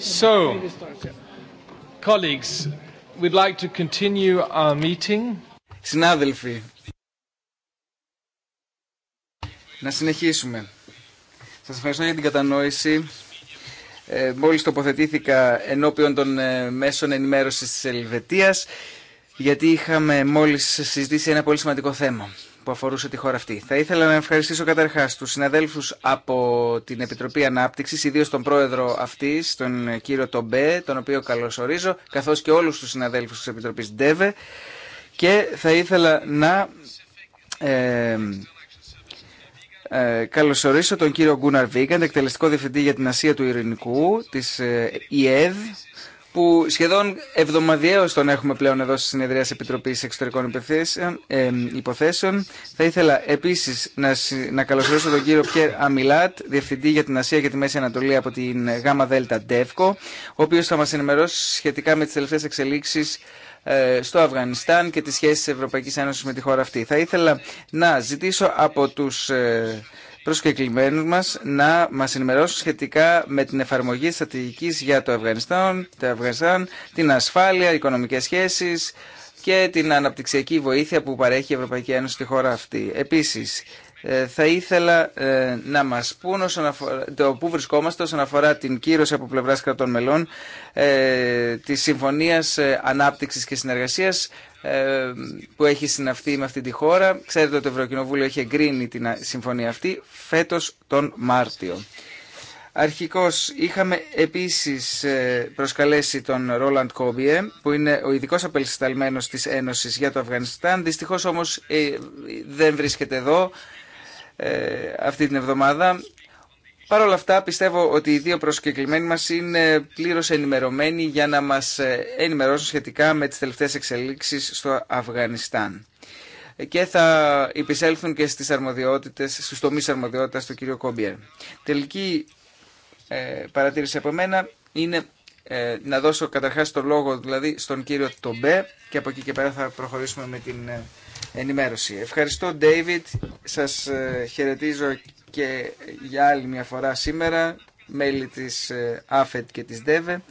So, colleagues, we'd to continue our meeting. Συνάδελφοι, να συνεχίσουμε. Σας ευχαριστώ για την κατανόηση. Ε, μόλις τοποθετήθηκα ενώπιον των ε, μέσων ενημέρωσης της Ελβετίας, γιατί είχαμε μόλις συζητήσει ένα πολύ σημαντικό θέμα που αφορούσε τη χώρα αυτή. Θα ήθελα να ευχαριστήσω καταρχά του συναδέλφου από την Επιτροπή Ανάπτυξη, ιδίω τον πρόεδρο αυτή, τον κύριο Τομπέ, τον οποίο καλωσορίζω, καθώ και όλου του συναδέλφου τη Επιτροπή ΝΤΕΒΕ. Και θα ήθελα να ε, ε, καλωσορίσω τον κύριο Γκούναρ Βίγκαντ, εκτελεστικό διευθυντή για την Ασία του Ειρηνικού, της ε, ΙΕΔ, που σχεδόν εβδομαδιαίω τον έχουμε πλέον εδώ στη συνεδρία Επιτροπής Εξωτερικών ε, Υποθέσεων. Θα ήθελα επίσης να, να καλωσορίσω τον κύριο Πιέρ Αμιλάτ, Διευθυντή για την Ασία και τη Μέση Ανατολή από την ΓΑΜΑ ΔΕΛΤΑ ΝΤΕΦΚΟ, ο οποίος θα μας ενημερώσει σχετικά με τις τελευταίες εξελίξεις ε, στο Αφγανιστάν και τις σχέσεις της Ευρωπαϊκής Ένωσης με τη χώρα αυτή. Θα ήθελα να ζητήσω από τους ε, προσκεκλημένους μας να μας ενημερώσουν σχετικά με την εφαρμογή στρατηγικής για το Αφγανιστάν, το Αφγανιστάν την ασφάλεια, οικονομικές σχέσεις και την αναπτυξιακή βοήθεια που παρέχει η Ευρωπαϊκή Ένωση στη χώρα αυτή. Επίσης, ε, θα ήθελα ε, να μας πούν όσον αφορά, το που βρισκόμαστε όσον αφορά την κύρωση από πλευράς κρατών μελών ε, της Συμφωνίας ε, Ανάπτυξης και Συνεργασίας που έχει συναυθεί με αυτή τη χώρα. Ξέρετε ότι το Ευρωκοινοβούλιο έχει εγκρίνει την συμφωνία αυτή φέτος τον Μάρτιο. Αρχικώς είχαμε επίσης προσκαλέσει τον Ρόλαντ Κόμπιε που είναι ο ειδικό απελσταλμένος της Ένωσης για το Αφγανιστάν. Δυστυχώς όμως δεν βρίσκεται εδώ ε, αυτή την εβδομάδα. Παρ' όλα αυτά πιστεύω ότι οι δύο προσκεκλημένοι μας είναι πλήρως ενημερωμένοι για να μας ε, ενημερώσουν σχετικά με τις τελευταίες εξελίξεις στο Αφγανιστάν. Και θα επισέλθουν και στις αρμοδιότητες, στους τομείς αρμοδιότητας του κ. Κόμπιερ. Τελική ε, παρατήρηση από μένα είναι να δώσω καταρχάς το λόγο δηλαδή στον κύριο Τομπέ και από εκεί και πέρα θα προχωρήσουμε με την ενημέρωση. Ευχαριστώ, David. Σας ε, χαιρετίζω και για άλλη μια φορά σήμερα, μέλη της ε, ΑΦΕΤ και της ΔΕΒΕ.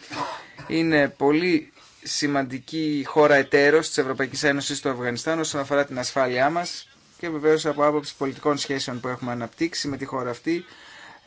Είναι πολύ σημαντική χώρα εταίρος της Ευρωπαϊκής Ένωσης στο Αφγανιστάν όσον αφορά την ασφάλειά μας και βεβαίως από άποψη πολιτικών σχέσεων που έχουμε αναπτύξει με τη χώρα αυτή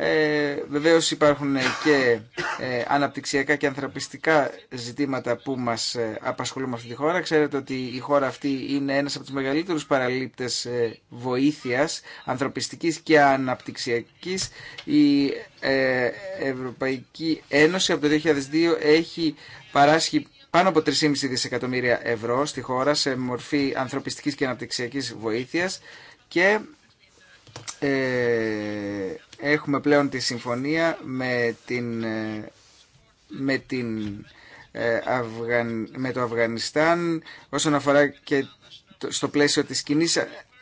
ε, βεβαίως υπάρχουν και ε, αναπτυξιακά και ανθρωπιστικά ζητήματα που μας ε, απασχολούν αυτή τη χώρα. Ξέρετε ότι η χώρα αυτή είναι ένας από τους μεγαλύτερους παραλήπτες ε, βοήθειας ανθρωπιστικής και αναπτυξιακής. Η ε, Ευρωπαϊκή Ένωση από το 2002 έχει παράσχει πάνω από 3,5 δισεκατομμύρια ευρώ στη χώρα σε μορφή ανθρωπιστικής και αναπτυξιακής βοήθειας και ε, έχουμε πλέον τη συμφωνία με, την, ε, με, την, ε, Αυγαν, με το Αφγανιστάν όσον αφορά και στο πλαίσιο της κοινή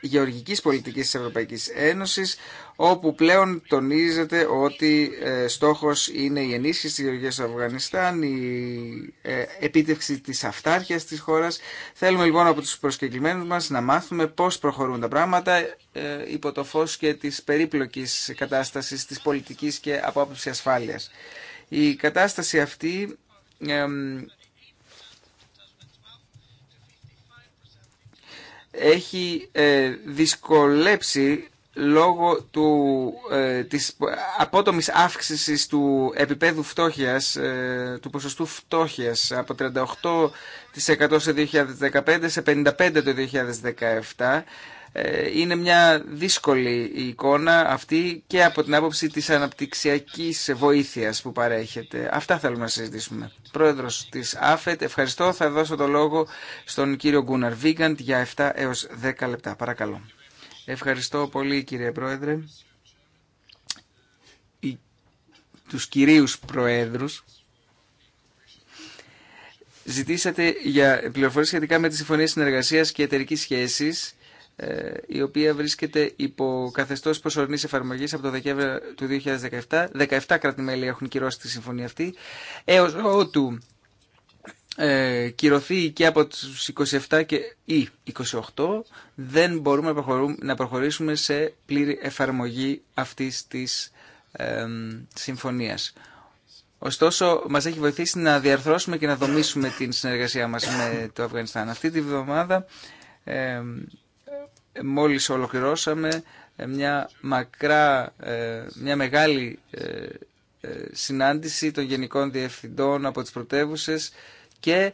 γεωργικής πολιτικής της Ευρωπαϊκής Ένωσης, όπου πλέον τονίζεται ότι ε, στόχος είναι η ενίσχυση της γεωργίας του Αφγανιστάν, η ε, επίτευξη της αυτάρχειας της χώρας. Θέλουμε λοιπόν από τους προσκεκλημένους μας να μάθουμε πώς προχωρούν τα πράγματα ε, υπό το φως και της περίπλοκης κατάστασης της πολιτικής και από άποψη ασφάλειας. Η κατάσταση αυτή έχει ε, δυσκολέψει λόγω του, ε, της απότομης αύξησης του επίπεδου φτώχειας, ε, του ποσοστού φτώχειας από 38% σε 2015 σε 55% το 2017 ε, είναι μια δύσκολη εικόνα αυτή και από την άποψη της αναπτυξιακής βοήθειας που παρέχεται. Αυτά θέλουμε να συζητήσουμε. Πρόεδρος της ΑΦΕΤ, ευχαριστώ. Θα δώσω το λόγο στον κύριο Γκούναρ Βίγκαντ για 7 έως 10 λεπτά. Παρακαλώ. Ευχαριστώ πολύ κύριε Πρόεδρε. Οι, τους κυρίους Προέδρους ζητήσατε για πληροφορίες σχετικά με τη Συμφωνία Συνεργασίας και Εταιρικής Σχέσης ε, η οποία βρίσκεται υπό καθεστώ προσωρινή εφαρμογή από το Δεκέμβριο του 2017. 17 κράτη-μέλη έχουν κυρώσει τη συμφωνία αυτή. έω ότου ε, κυρωθεί και από του 27 και ή 28 δεν μπορούμε να προχωρήσουμε σε πλήρη εφαρμογή αυτής της ε, συμφωνίας. Ωστόσο, μας έχει βοηθήσει να διαρθρώσουμε και να δομήσουμε την συνεργασία μας με το Αφγανιστάν. Αυτή τη βδομάδα ε, ε, μόλις ολοκληρώσαμε ε, μια μακρά, ε, μια μεγάλη συνάντηση των Γενικών Διευθυντών από τις πρωτεύουσε και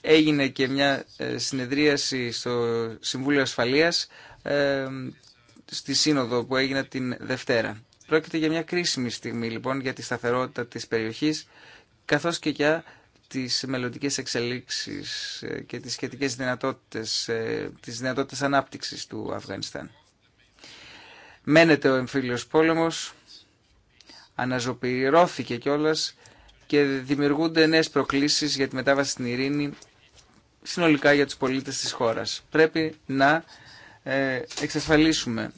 έγινε και μια συνεδρίαση στο Συμβούλιο Ασφαλείας στη σύνοδο που έγινε την Δευτέρα. Πρόκειται για μια κρίσιμη στιγμή λοιπόν για τη σταθερότητα της περιοχής καθώς και για τις μελλοντικέ εξελίξεις ε, και τις σχετικές δυνατότητες, ε, τις δυνατότητες ανάπτυξης του Αφγανιστάν. Μένεται ο εμφύλιος πόλεμος, αναζωπηρώθηκε κιόλας και δημιουργούνται νέες προκλήσεις για τη μετάβαση στην ειρήνη συνολικά για τους πολίτες της χώρας. Πρέπει να ε, εξασφαλίσουμε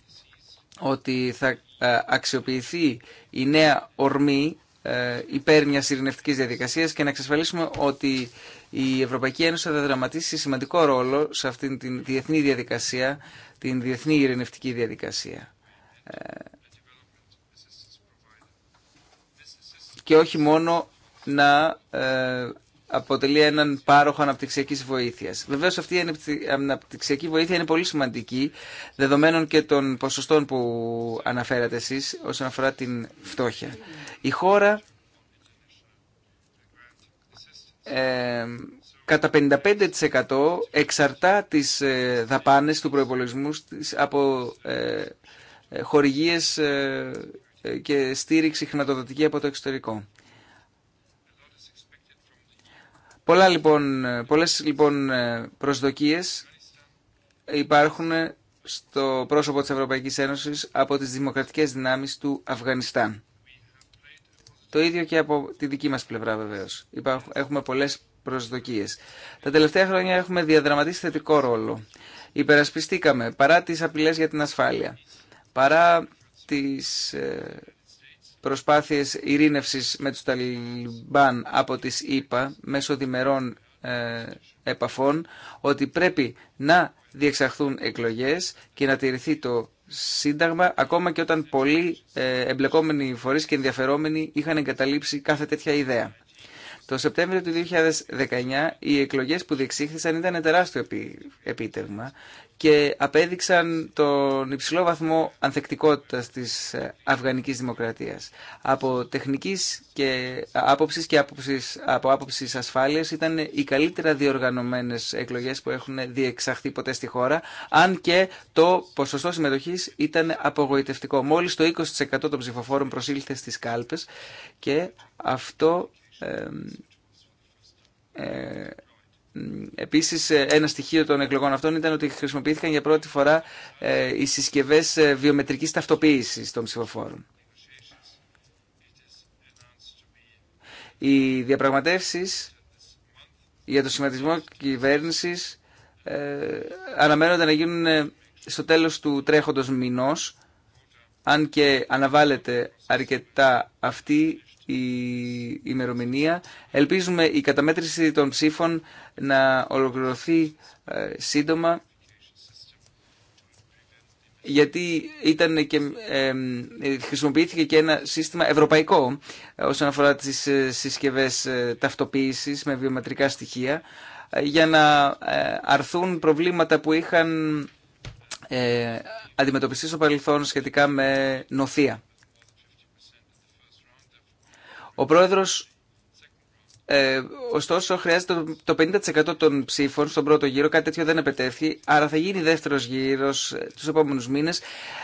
ότι θα αξιοποιηθεί η νέα ορμή ε, υπέρ μια ειρηνευτική διαδικασία και να εξασφαλίσουμε ότι η Ευρωπαϊκή Ένωση θα δραματίσει σημαντικό ρόλο σε αυτήν την διεθνή διαδικασία, την διεθνή ειρηνευτική διαδικασία. Ε, και όχι μόνο να ε, αποτελεί έναν πάροχο αναπτυξιακής βοήθειας βεβαίως αυτή η αναπτυξιακή βοήθεια είναι πολύ σημαντική, δεδομένων και των ποσοστών που αναφέρατε εσεί όσον αφορά την φτώχεια. Η χώρα ε, κατά 55% εξαρτά τις ε, δαπάνες του προϋπολογισμού από ε, ε χορηγίες ε, και στήριξη χρηματοδοτική από το εξωτερικό. Πολλά, λοιπόν, πολλές λοιπόν προσδοκίες υπάρχουν στο πρόσωπο της Ευρωπαϊκής Ένωσης από τις δημοκρατικές δυνάμεις του Αφγανιστάν. Το ίδιο και από τη δική μας πλευρά βεβαίως. Έχουμε πολλές προσδοκίες. Τα τελευταία χρόνια έχουμε διαδραματίσει θετικό ρόλο. Υπερασπιστήκαμε παρά τις απειλές για την ασφάλεια, παρά τις ε, προσπάθειες ειρήνευσης με τους Ταλιμπάν από τις ΗΠΑ μέσω διμερών ε, επαφών ότι πρέπει να διεξαχθούν εκλογές και να τηρηθεί το Σύνταγμα, ακόμα και όταν πολλοί ε, εμπλεκόμενοι φορείς και ενδιαφερόμενοι είχαν εγκαταλείψει κάθε τέτοια ιδέα. Το Σεπτέμβριο του 2019 οι εκλογές που διεξήχθησαν ήταν τεράστιο επίτευγμα και απέδειξαν τον υψηλό βαθμό ανθεκτικότητας της ε, αφγανικής δημοκρατίας. Από τεχνικής και άποψης και άποψης, από άποψης ασφάλειας ήταν οι καλύτερα διοργανωμένες εκλογές που έχουν διεξαχθεί ποτέ στη χώρα, αν και το ποσοστό συμμετοχής ήταν απογοητευτικό. Μόλις το 20% των ψηφοφόρων προσήλθε στις κάλπες και αυτό Επίση, ε, επίσης ε, ένα στοιχείο των εκλογών αυτών ήταν ότι χρησιμοποιήθηκαν για πρώτη φορά ε, οι συσκευές βιομετρικής ταυτοποίησης των ψηφοφόρων. Οι διαπραγματεύσεις για το σχηματισμό κυβέρνηση ε, αναμένονται να γίνουν στο τέλος του τρέχοντος μηνός αν και αναβάλλεται αρκετά αυτή η ημερομηνία. Ελπίζουμε η καταμέτρηση των ψήφων να ολοκληρωθεί ε, σύντομα γιατί ήταν και, ε, χρησιμοποιήθηκε και ένα σύστημα ευρωπαϊκό ε, όσον αφορά τις ε, συσκευές ταυτοποίησης με βιομετρικά στοιχεία για να αρθούν προβλήματα που είχαν αντιμετωπιστεί στο παρελθόν σχετικά με νοθεία. Ο πρόεδρος, ε, ωστόσο, χρειάζεται το 50% των ψήφων στον πρώτο γύρο. Κάτι τέτοιο δεν επετέφθη. άρα θα γίνει δεύτερος γύρος ε, του επόμενου μήνε.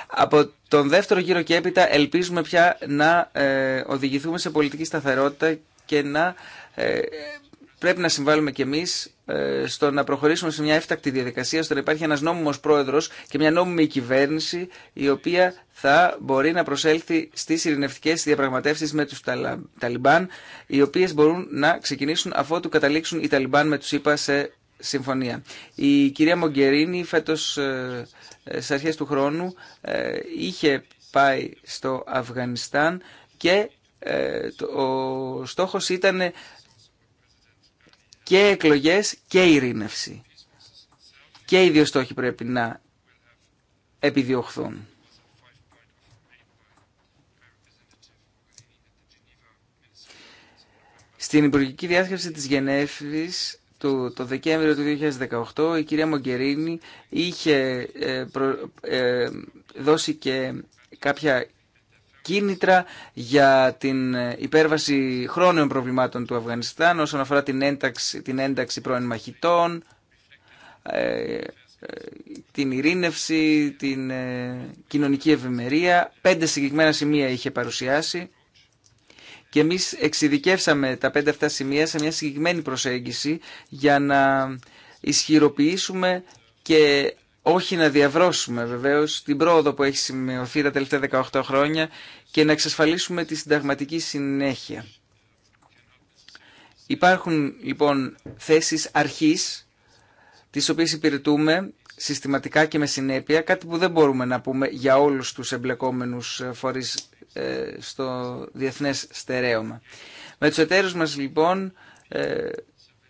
Από τον δεύτερο γύρο και έπειτα ελπίζουμε πια να ε, οδηγηθούμε σε πολιτική σταθερότητα και να ε, πρέπει να συμβάλλουμε κι εμείς ε, στο να προχωρήσουμε σε μια έφτακτη διαδικασία, στο να υπάρχει ένα νόμιμος πρόεδρος και μια νόμιμη κυβέρνηση η οποία θα μπορεί να προσέλθει στις ειρηνευτικές διαπραγματεύσεις με τους Ταλιμπάν, οι οποίε μπορούν να ξεκινήσουν αφότου καταλήξουν οι Ταλιμπάν με τους ΗΠΑ σε συμφωνία. Η κυρία Μογκερίνη φέτο ε, ε, στι αρχέ του χρόνου είχε πάει στο Αφγανιστάν και ο στόχος ήταν και εκλογές και ειρήνευση. Και οι δύο στόχοι πρέπει να επιδιωχθούν. Στην Υπουργική Διάσκεψη της Γενέφης του, το Δεκέμβριο του 2018 η κυρία Μογκερίνη είχε ε, ε, δώσει και κάποια κίνητρα για την υπέρβαση χρόνιων προβλημάτων του Αφγανιστάν όσον αφορά την ένταξη, την ένταξη πρώην μαχητών, ε, ε, την ειρήνευση, την ε, κοινωνική ευημερία. Πέντε συγκεκριμένα σημεία είχε παρουσιάσει και εμείς εξειδικεύσαμε τα πέντε αυτά σημεία σε μια συγκεκριμένη προσέγγιση για να ισχυροποιήσουμε και όχι να διαβρώσουμε βεβαίως την πρόοδο που έχει σημειωθεί τα τελευταία 18 χρόνια και να εξασφαλίσουμε τη συνταγματική συνέχεια. Υπάρχουν λοιπόν θέσεις αρχής τις οποίες υπηρετούμε συστηματικά και με συνέπεια, κάτι που δεν μπορούμε να πούμε για όλους τους εμπλεκόμενους ε, φορείς ε, στο διεθνές στερέωμα. Με τους εταίρους μας λοιπόν ε,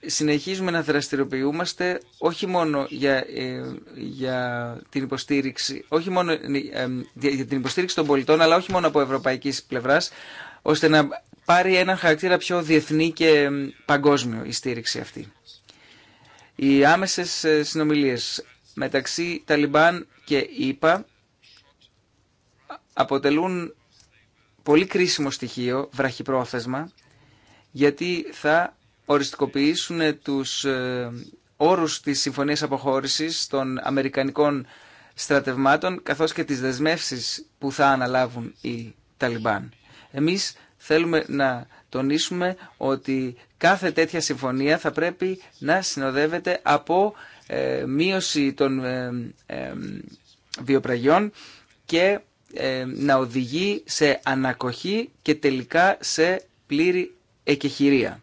συνεχίζουμε να δραστηριοποιούμαστε όχι μόνο για, ε, για την υποστήριξη, όχι μόνο, ε, για την υποστήριξη των πολιτών, αλλά όχι μόνο από ευρωπαϊκής πλευράς, ώστε να πάρει έναν χαρακτήρα πιο διεθνή και παγκόσμιο η στήριξη αυτή. Οι άμεσες ε, συνομιλίες μεταξύ Ταλιμπάν και ΙΠΑ αποτελούν πολύ κρίσιμο στοιχείο, βραχυπρόθεσμα, γιατί θα οριστικοποιήσουν τους ε, όρους της συμφωνίας αποχώρησης των Αμερικανικών στρατευμάτων καθώς και τις δεσμεύσεις που θα αναλάβουν οι Ταλιμπάν. Εμείς θέλουμε να τονίσουμε ότι κάθε τέτοια συμφωνία θα πρέπει να συνοδεύεται από ε, μείωση των ε, ε βιοπραγιών και ε, να οδηγεί σε ανακοχή και τελικά σε πλήρη εκεχηρία.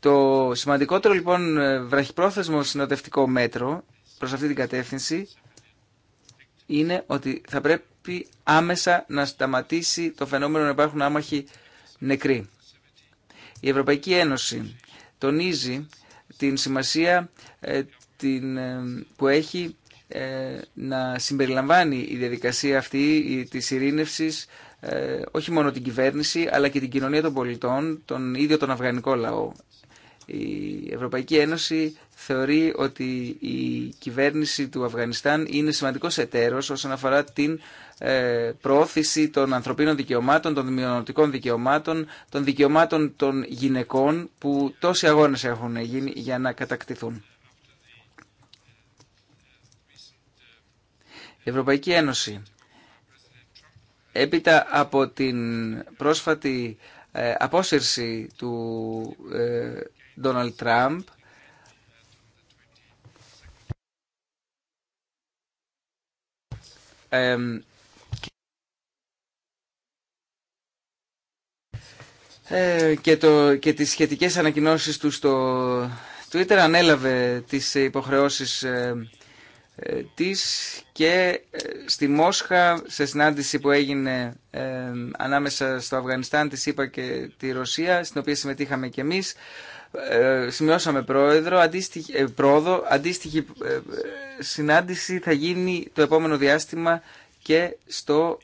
Το σημαντικότερο λοιπόν ε, βραχυπρόθεσμο συνοδευτικό μέτρο προς αυτή την κατεύθυνση είναι ότι θα πρέπει άμεσα να σταματήσει το φαινόμενο να υπάρχουν άμαχοι νεκροί. Η Ευρωπαϊκή Ένωση τονίζει την σημασία ε, την, ε, που έχει να συμπεριλαμβάνει η διαδικασία αυτή της ειρήνευσης όχι μόνο την κυβέρνηση αλλά και την κοινωνία των πολιτών, τον ίδιο τον αφγανικό λαό. Η Ευρωπαϊκή Ένωση θεωρεί ότι η κυβέρνηση του Αφγανιστάν είναι σημαντικός εταίρος όσον αφορά την ε, προώθηση των ανθρωπίνων δικαιωμάτων, των δημιουργικών δικαιωμάτων, των δικαιωμάτων των γυναικών που τόσοι αγώνες έχουν γίνει για να κατακτηθούν. Η Ευρωπαϊκή Ένωση έπειτα από την πρόσφατη ε, απόσυρση του ε, Trump. Τραμπ ε, και, το, και τις σχετικές ανακοινώσεις του στο Twitter ανέλαβε τις υποχρεώσεις ε, ε, της και στη Μόσχα σε συνάντηση που έγινε ανάμεσα στο Αφγανιστάν, της είπα και τη Ρωσία στην οποία συμμετείχαμε και εμείς ε, σημειώσαμε πρόεδρο, αντίστοιχη, ε, πρόοδο, αντίστοιχη ε, συνάντηση θα γίνει το επόμενο διάστημα και στο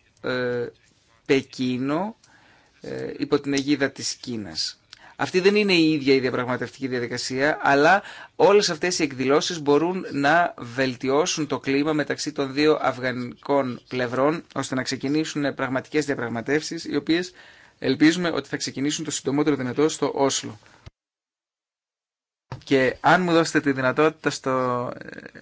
Πεκίνο υπό την αιγίδα της Κίνας. Αυτή δεν είναι η ίδια η διαπραγματευτική διαδικασία, αλλά όλες αυτές οι εκδηλώσεις μπορούν να βελτιώσουν το κλίμα μεταξύ των δύο αφγανικών πλευρών, ώστε να ξεκινήσουν πραγματικές διαπραγματεύσεις, οι οποίες ελπίζουμε ότι θα ξεκινήσουν το συντομότερο δυνατό στο Όσλο και αν μου δώσετε τη δυνατότητα στο,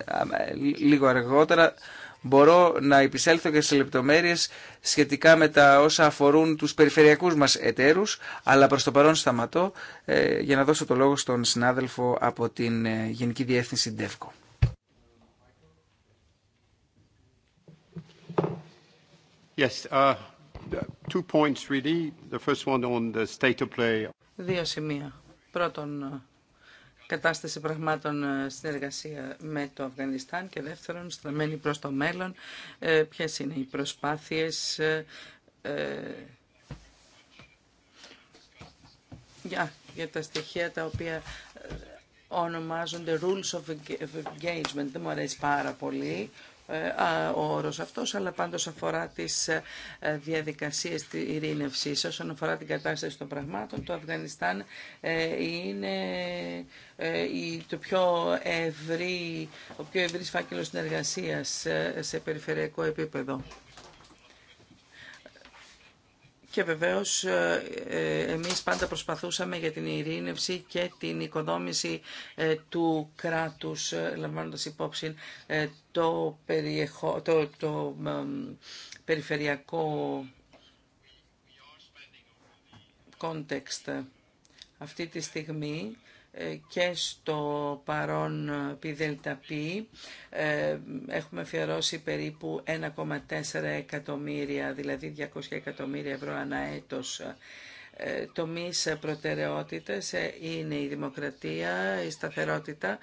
ε, λίγο αργότερα μπορώ να επισέλθω και σε λεπτομέρειες σχετικά με τα όσα αφορούν τους περιφερειακούς μας εταίρους, αλλά προς το παρόν σταματώ ε, για να δώσω το λόγο στον συνάδελφο από την ε, Γενική Διεύθυνση Ντεύκο. Yes, uh, two really. The first one on the state of play. Δύο σημεία. Πρώτον, κατάσταση πραγμάτων ε, συνεργασία με το Αφγανιστάν και δεύτερον στραμμένη προς το μέλλον ε, ποιες είναι οι προσπάθειες ε, για, για τα στοιχεία τα οποία ονομάζονται rules of engagement. Δεν μου αρέσει πάρα πολύ ε, ο όρος αυτός, αλλά πάντως αφορά τις ε, διαδικασίες της ειρήνευσης. Όσον αφορά την κατάσταση των πραγμάτων, το Αφγανιστάν ε, είναι το πιο ευρύ, ο πιο ευρύς φάκελος συνεργασίας σε περιφερειακό επίπεδο και βεβαίως ε, ε, εμείς πάντα προσπαθούσαμε για την ειρήνευση και την οικοδόμηση ε, του κράτους, λαμβάνοντας υπόψη το, περιεχο... το, το περιφερειακό κόντεξτ Αυτή τη στιγμή ε, και στο παρόν πι ε, έχουμε αφιερώσει περίπου 1,4 εκατομμύρια, δηλαδή 200 εκατομμύρια ευρώ ανά έτος ε, τομείς ε, προτεραιότητες ε, είναι η δημοκρατία, η σταθερότητα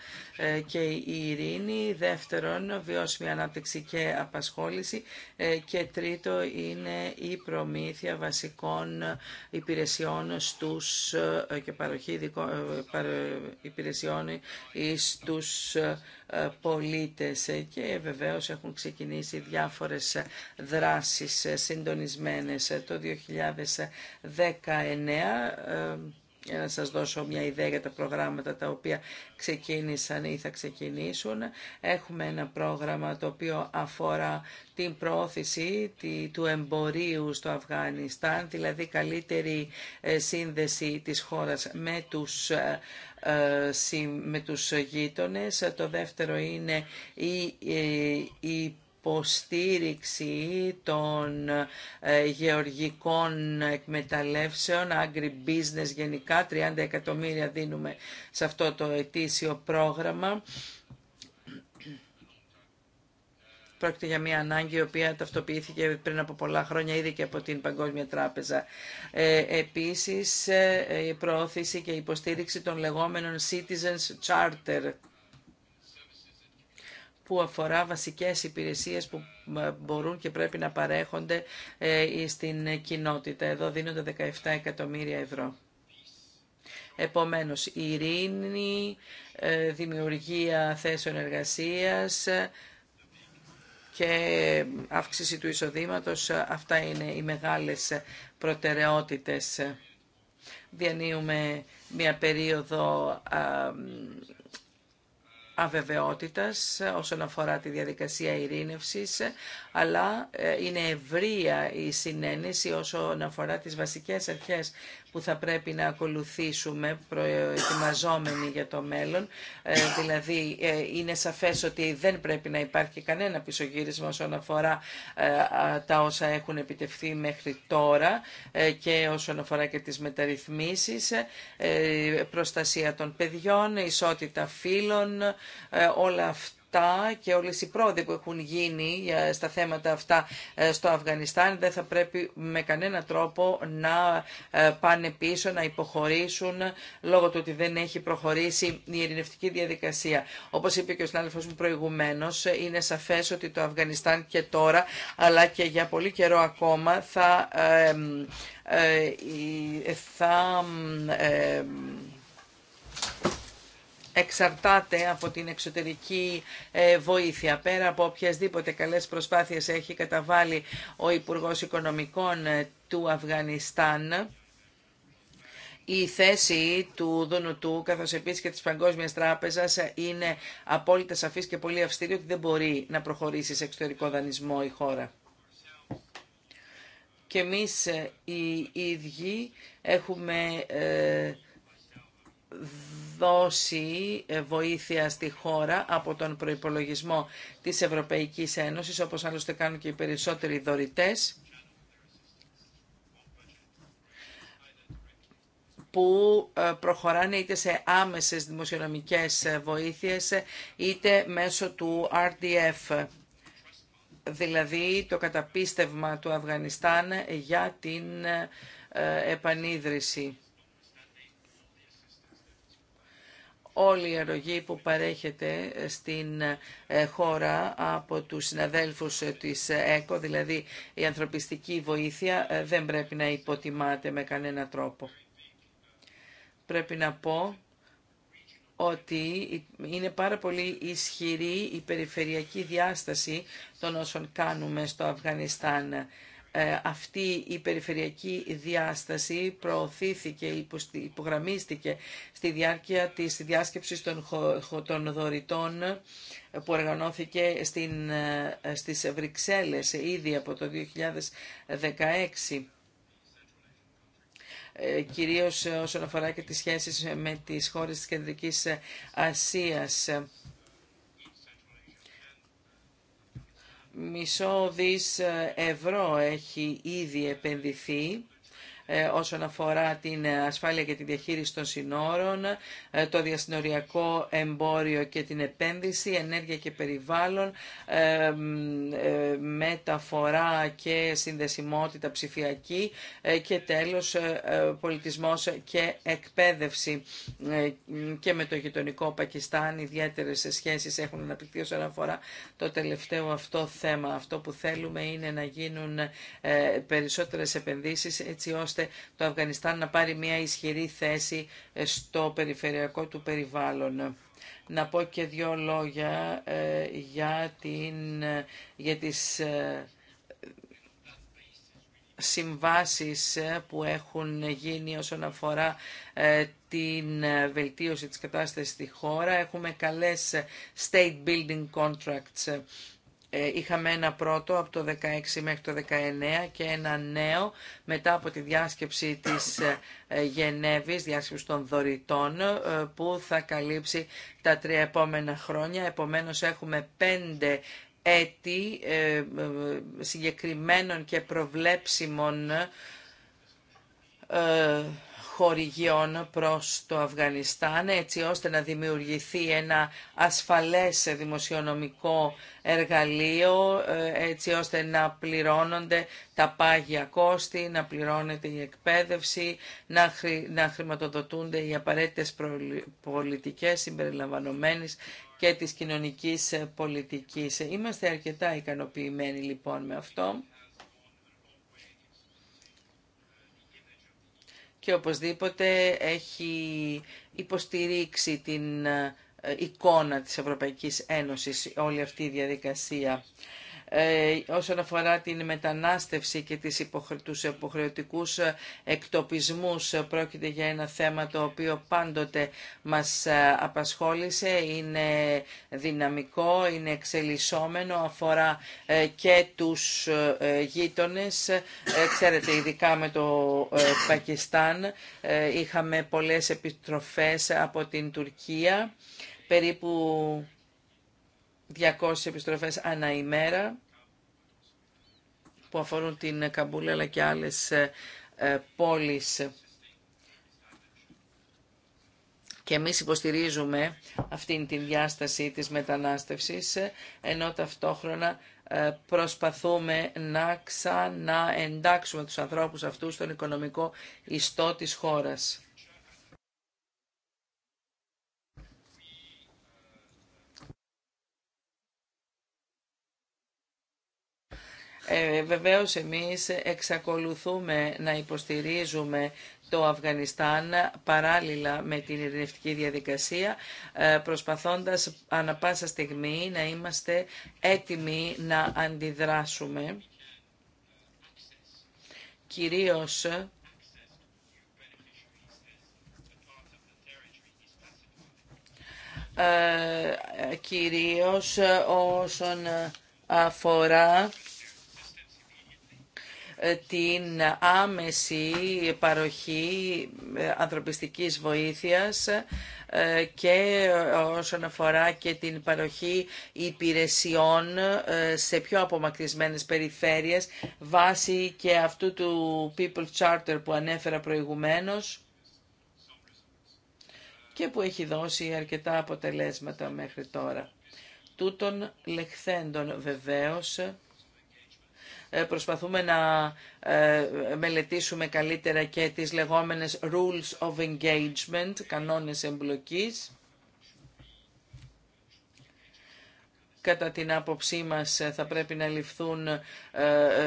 και η ειρήνη. Δεύτερον, βιώσιμη ανάπτυξη και απασχόληση. Και τρίτο είναι η προμήθεια βασικών υπηρεσιών στους και παροχή υπηρεσιών στους πολίτες και βεβαίως έχουν ξεκινήσει διάφορες δράσεις συντονισμένες το 2010 για ε, να σας δώσω μια ιδέα για τα προγράμματα τα οποία ξεκίνησαν ή θα ξεκινήσουν. Έχουμε ένα πρόγραμμα το οποίο αφορά την πρόθεση του εμπορίου στο Αφγανιστάν, δηλαδή καλύτερη ε, σύνδεση της χώρας με τους ε, με τους γείτονες. Το δεύτερο είναι η, η υποστήριξη των ε, γεωργικών εκμεταλλεύσεων, agribusiness γενικά, 30 εκατομμύρια δίνουμε σε αυτό το ετήσιο πρόγραμμα. Πρόκειται για μια ανάγκη η οποία ταυτοποιήθηκε πριν από πολλά χρόνια ήδη και από την Παγκόσμια Τράπεζα. Ε, επίσης, ε, η προώθηση και η υποστήριξη των λεγόμενων Citizens Charter που αφορά βασικές υπηρεσίες που ε, μπορούν και πρέπει να παρέχονται ε, στην κοινότητα. Εδώ δίνονται 17 εκατομμύρια ευρώ. Επομένως, η ειρήνη, ε, δημιουργία θέσεων εργασίας και αύξηση του εισοδήματος, αυτά είναι οι μεγάλες προτεραιότητες. Διανύουμε μια περίοδο αβεβαιότητας ε, όσον αφορά τη διαδικασία ειρήνευσης, αλλά ε, είναι ευρία η συνένεση όσον αφορά τις βασικές αρχές που θα πρέπει να ακολουθήσουμε προετοιμαζόμενοι για το μέλλον. Ε, δηλαδή ε, είναι σαφές ότι δεν πρέπει να υπάρχει κανένα πισωγύρισμα όσον αφορά τα όσα έχουν επιτευχθεί μέχρι τώρα και όσον αφορά και τις μεταρρυθμίσεις, προστασία των παιδιών, ισότητα φύλων, όλα αυτά και όλες οι πρόοδοι που έχουν γίνει ε, στα θέματα αυτά ε, στο Αφγανιστάν δεν θα πρέπει με κανένα τρόπο να ε, πάνε πίσω, να υποχωρήσουν λόγω του ότι δεν έχει προχωρήσει η ειρηνευτική διαδικασία. Όπως είπε και ο συνάδελφος μου προηγουμένως, είναι σαφές ότι το Αφγανιστάν και τώρα, αλλά και για πολύ καιρό ακόμα, θα, ε, εξαρτάται από την εξωτερική ε, βοήθεια. Πέρα από οποιασδήποτε καλές προσπάθειες έχει καταβάλει ο Υπουργός Οικονομικών ε, του Αφγανιστάν, η θέση του Δουνουτού, καθώς επίσης και της Παγκόσμιας Τράπεζας, ε, είναι απόλυτα σαφής και πολύ αυστηρή ότι δεν μπορεί να προχωρήσει σε εξωτερικό δανεισμό η χώρα. Και εμείς οι ίδιοι έχουμε δώσει ε, βοήθεια στη χώρα από τον προϋπολογισμό της Ευρωπαϊκής Ένωσης, όπως άλλωστε κάνουν και οι περισσότεροι δωρητές, που ε, προχωράνε είτε σε άμεσες δημοσιονομικές ε, βοήθειες, είτε μέσω του RDF, δηλαδή το καταπίστευμα του Αφγανιστάν για την επανίδρυση. όλη η αρρωγή που παρέχεται στην ε, χώρα από τους συναδέλφους ε, της ε, ΕΚΟ, δηλαδή η ανθρωπιστική βοήθεια δεν πρέπει να υποτιμάται με κανένα τρόπο. Πρέπει να πω ότι είναι πάρα πολύ ισχυρή η περιφερειακή διάσταση των όσων κάνουμε στο Αφγανιστάν ε, αυτή η περιφερειακή διάσταση προωθήθηκε, υπογραμμίστηκε στη διάρκεια της διάσκεψης των δωρητών ε, που οργανώθηκε στην, ε, στις Βρυξέλλες ήδη από το 2016 κυρίως όσον αφορά και τις σχέσεις με τις χώρες της Κεντρικής Ασίας. Μισό δις ε, ευρώ έχει ήδη επενδυθεί ε, όσον αφορά την ασφάλεια και τη διαχείριση των συνόρων, ε, το διασυνοριακό εμπόριο και την επένδυση, ενέργεια και περιβάλλον, ε, μεταφορά και συνδεσιμότητα ψηφιακή και τέλος πολιτισμός και εκπαίδευση και με το γειτονικό Πακιστάν ιδιαίτερε σχέσεις έχουν αναπτυχθεί όσον αφορά το τελευταίο αυτό θέμα. Αυτό που θέλουμε είναι να γίνουν περισσότερες επενδύσεις έτσι ώστε το Αφγανιστάν να πάρει μια ισχυρή θέση ε, στο περιφερειακό του περιβάλλον. Να πω και δύο λόγια ε, για, την, ε, για τις συμβάσεις που έχουν γίνει όσον αφορά την βελτίωση της κατάστασης στη χώρα. Έχουμε καλές state building contracts ε, είχαμε ένα πρώτο από το 16 μέχρι το 19 και ένα νέο μετά από τη διάσκεψη της ε, ε, Γενέβης, διάσκεψη των δωρητών, που θα καλύψει τα τρία επόμενα χρόνια. Επομένως έχουμε πέντε έτη συγκεκριμένων και προβλέψιμων χορηγιών προς το Αφγανιστάν έτσι ώστε να δημιουργηθεί ένα ασφαλές δημοσιονομικό εργαλείο ε, έτσι ώστε να πληρώνονται τα πάγια κόστη, να πληρώνεται η εκπαίδευση, να, να χρηματοδοτούνται οι απαραίτητες πολιτικές συμπεριλαμβανομένες και της κοινωνικής ε, πολιτικής. Είμαστε αρκετά ικανοποιημένοι λοιπόν με αυτό. και οπωσδήποτε έχει υποστηρίξει την ε, εικόνα της Ευρωπαϊκής Ένωσης όλη αυτή η διαδικασία. Ε, όσον αφορά την μετανάστευση και τις υποχρε... τους υποχρεωτικούς ε, εκτοπισμούς ε, πρόκειται για ένα θέμα το οποίο πάντοτε μας απασχόλησε, είναι δυναμικό, είναι εξελισσόμενο, αφορά και τους γείτονες, ξέρετε ειδικά με το Πακιστάν είχαμε πολλές επιστροφές από την Τουρκία, περίπου 200 επιστροφές ανά ημέρα που αφορούν την Καμπούλα αλλά και άλλες ε, ε, πόλεις. Και εμείς υποστηρίζουμε αυτήν την διάσταση της μετανάστευσης, ενώ ταυτόχρονα ε, προσπαθούμε να ξαναεντάξουμε τους ανθρώπους αυτούς στον οικονομικό ιστό της χώρας. Ε, βεβαίως εμείς εξακολουθούμε να υποστηρίζουμε το Αφγανιστάν παράλληλα με την ειρηνευτική διαδικασία, ε, προσπαθώντας ανα πάσα στιγμή να είμαστε έτοιμοι να αντιδράσουμε, κυρίως ε, κυρίως όσον αφορά την άμεση παροχή ε, ανθρωπιστικής βοήθειας ε, και όσον αφορά και την παροχή υπηρεσιών ε, σε πιο απομακρυσμένες περιφέρειες βάσει και αυτού του People Charter που ανέφερα προηγουμένως και που έχει δώσει αρκετά αποτελέσματα μέχρι τώρα. Τούτων λεχθέντων βεβαίως ε, προσπαθούμε να ε, μελετήσουμε καλύτερα και τις λεγόμενες rules of engagement, κανόνες εμπλοκής. κατά την άποψή μας ε, θα πρέπει να ληφθούν ε,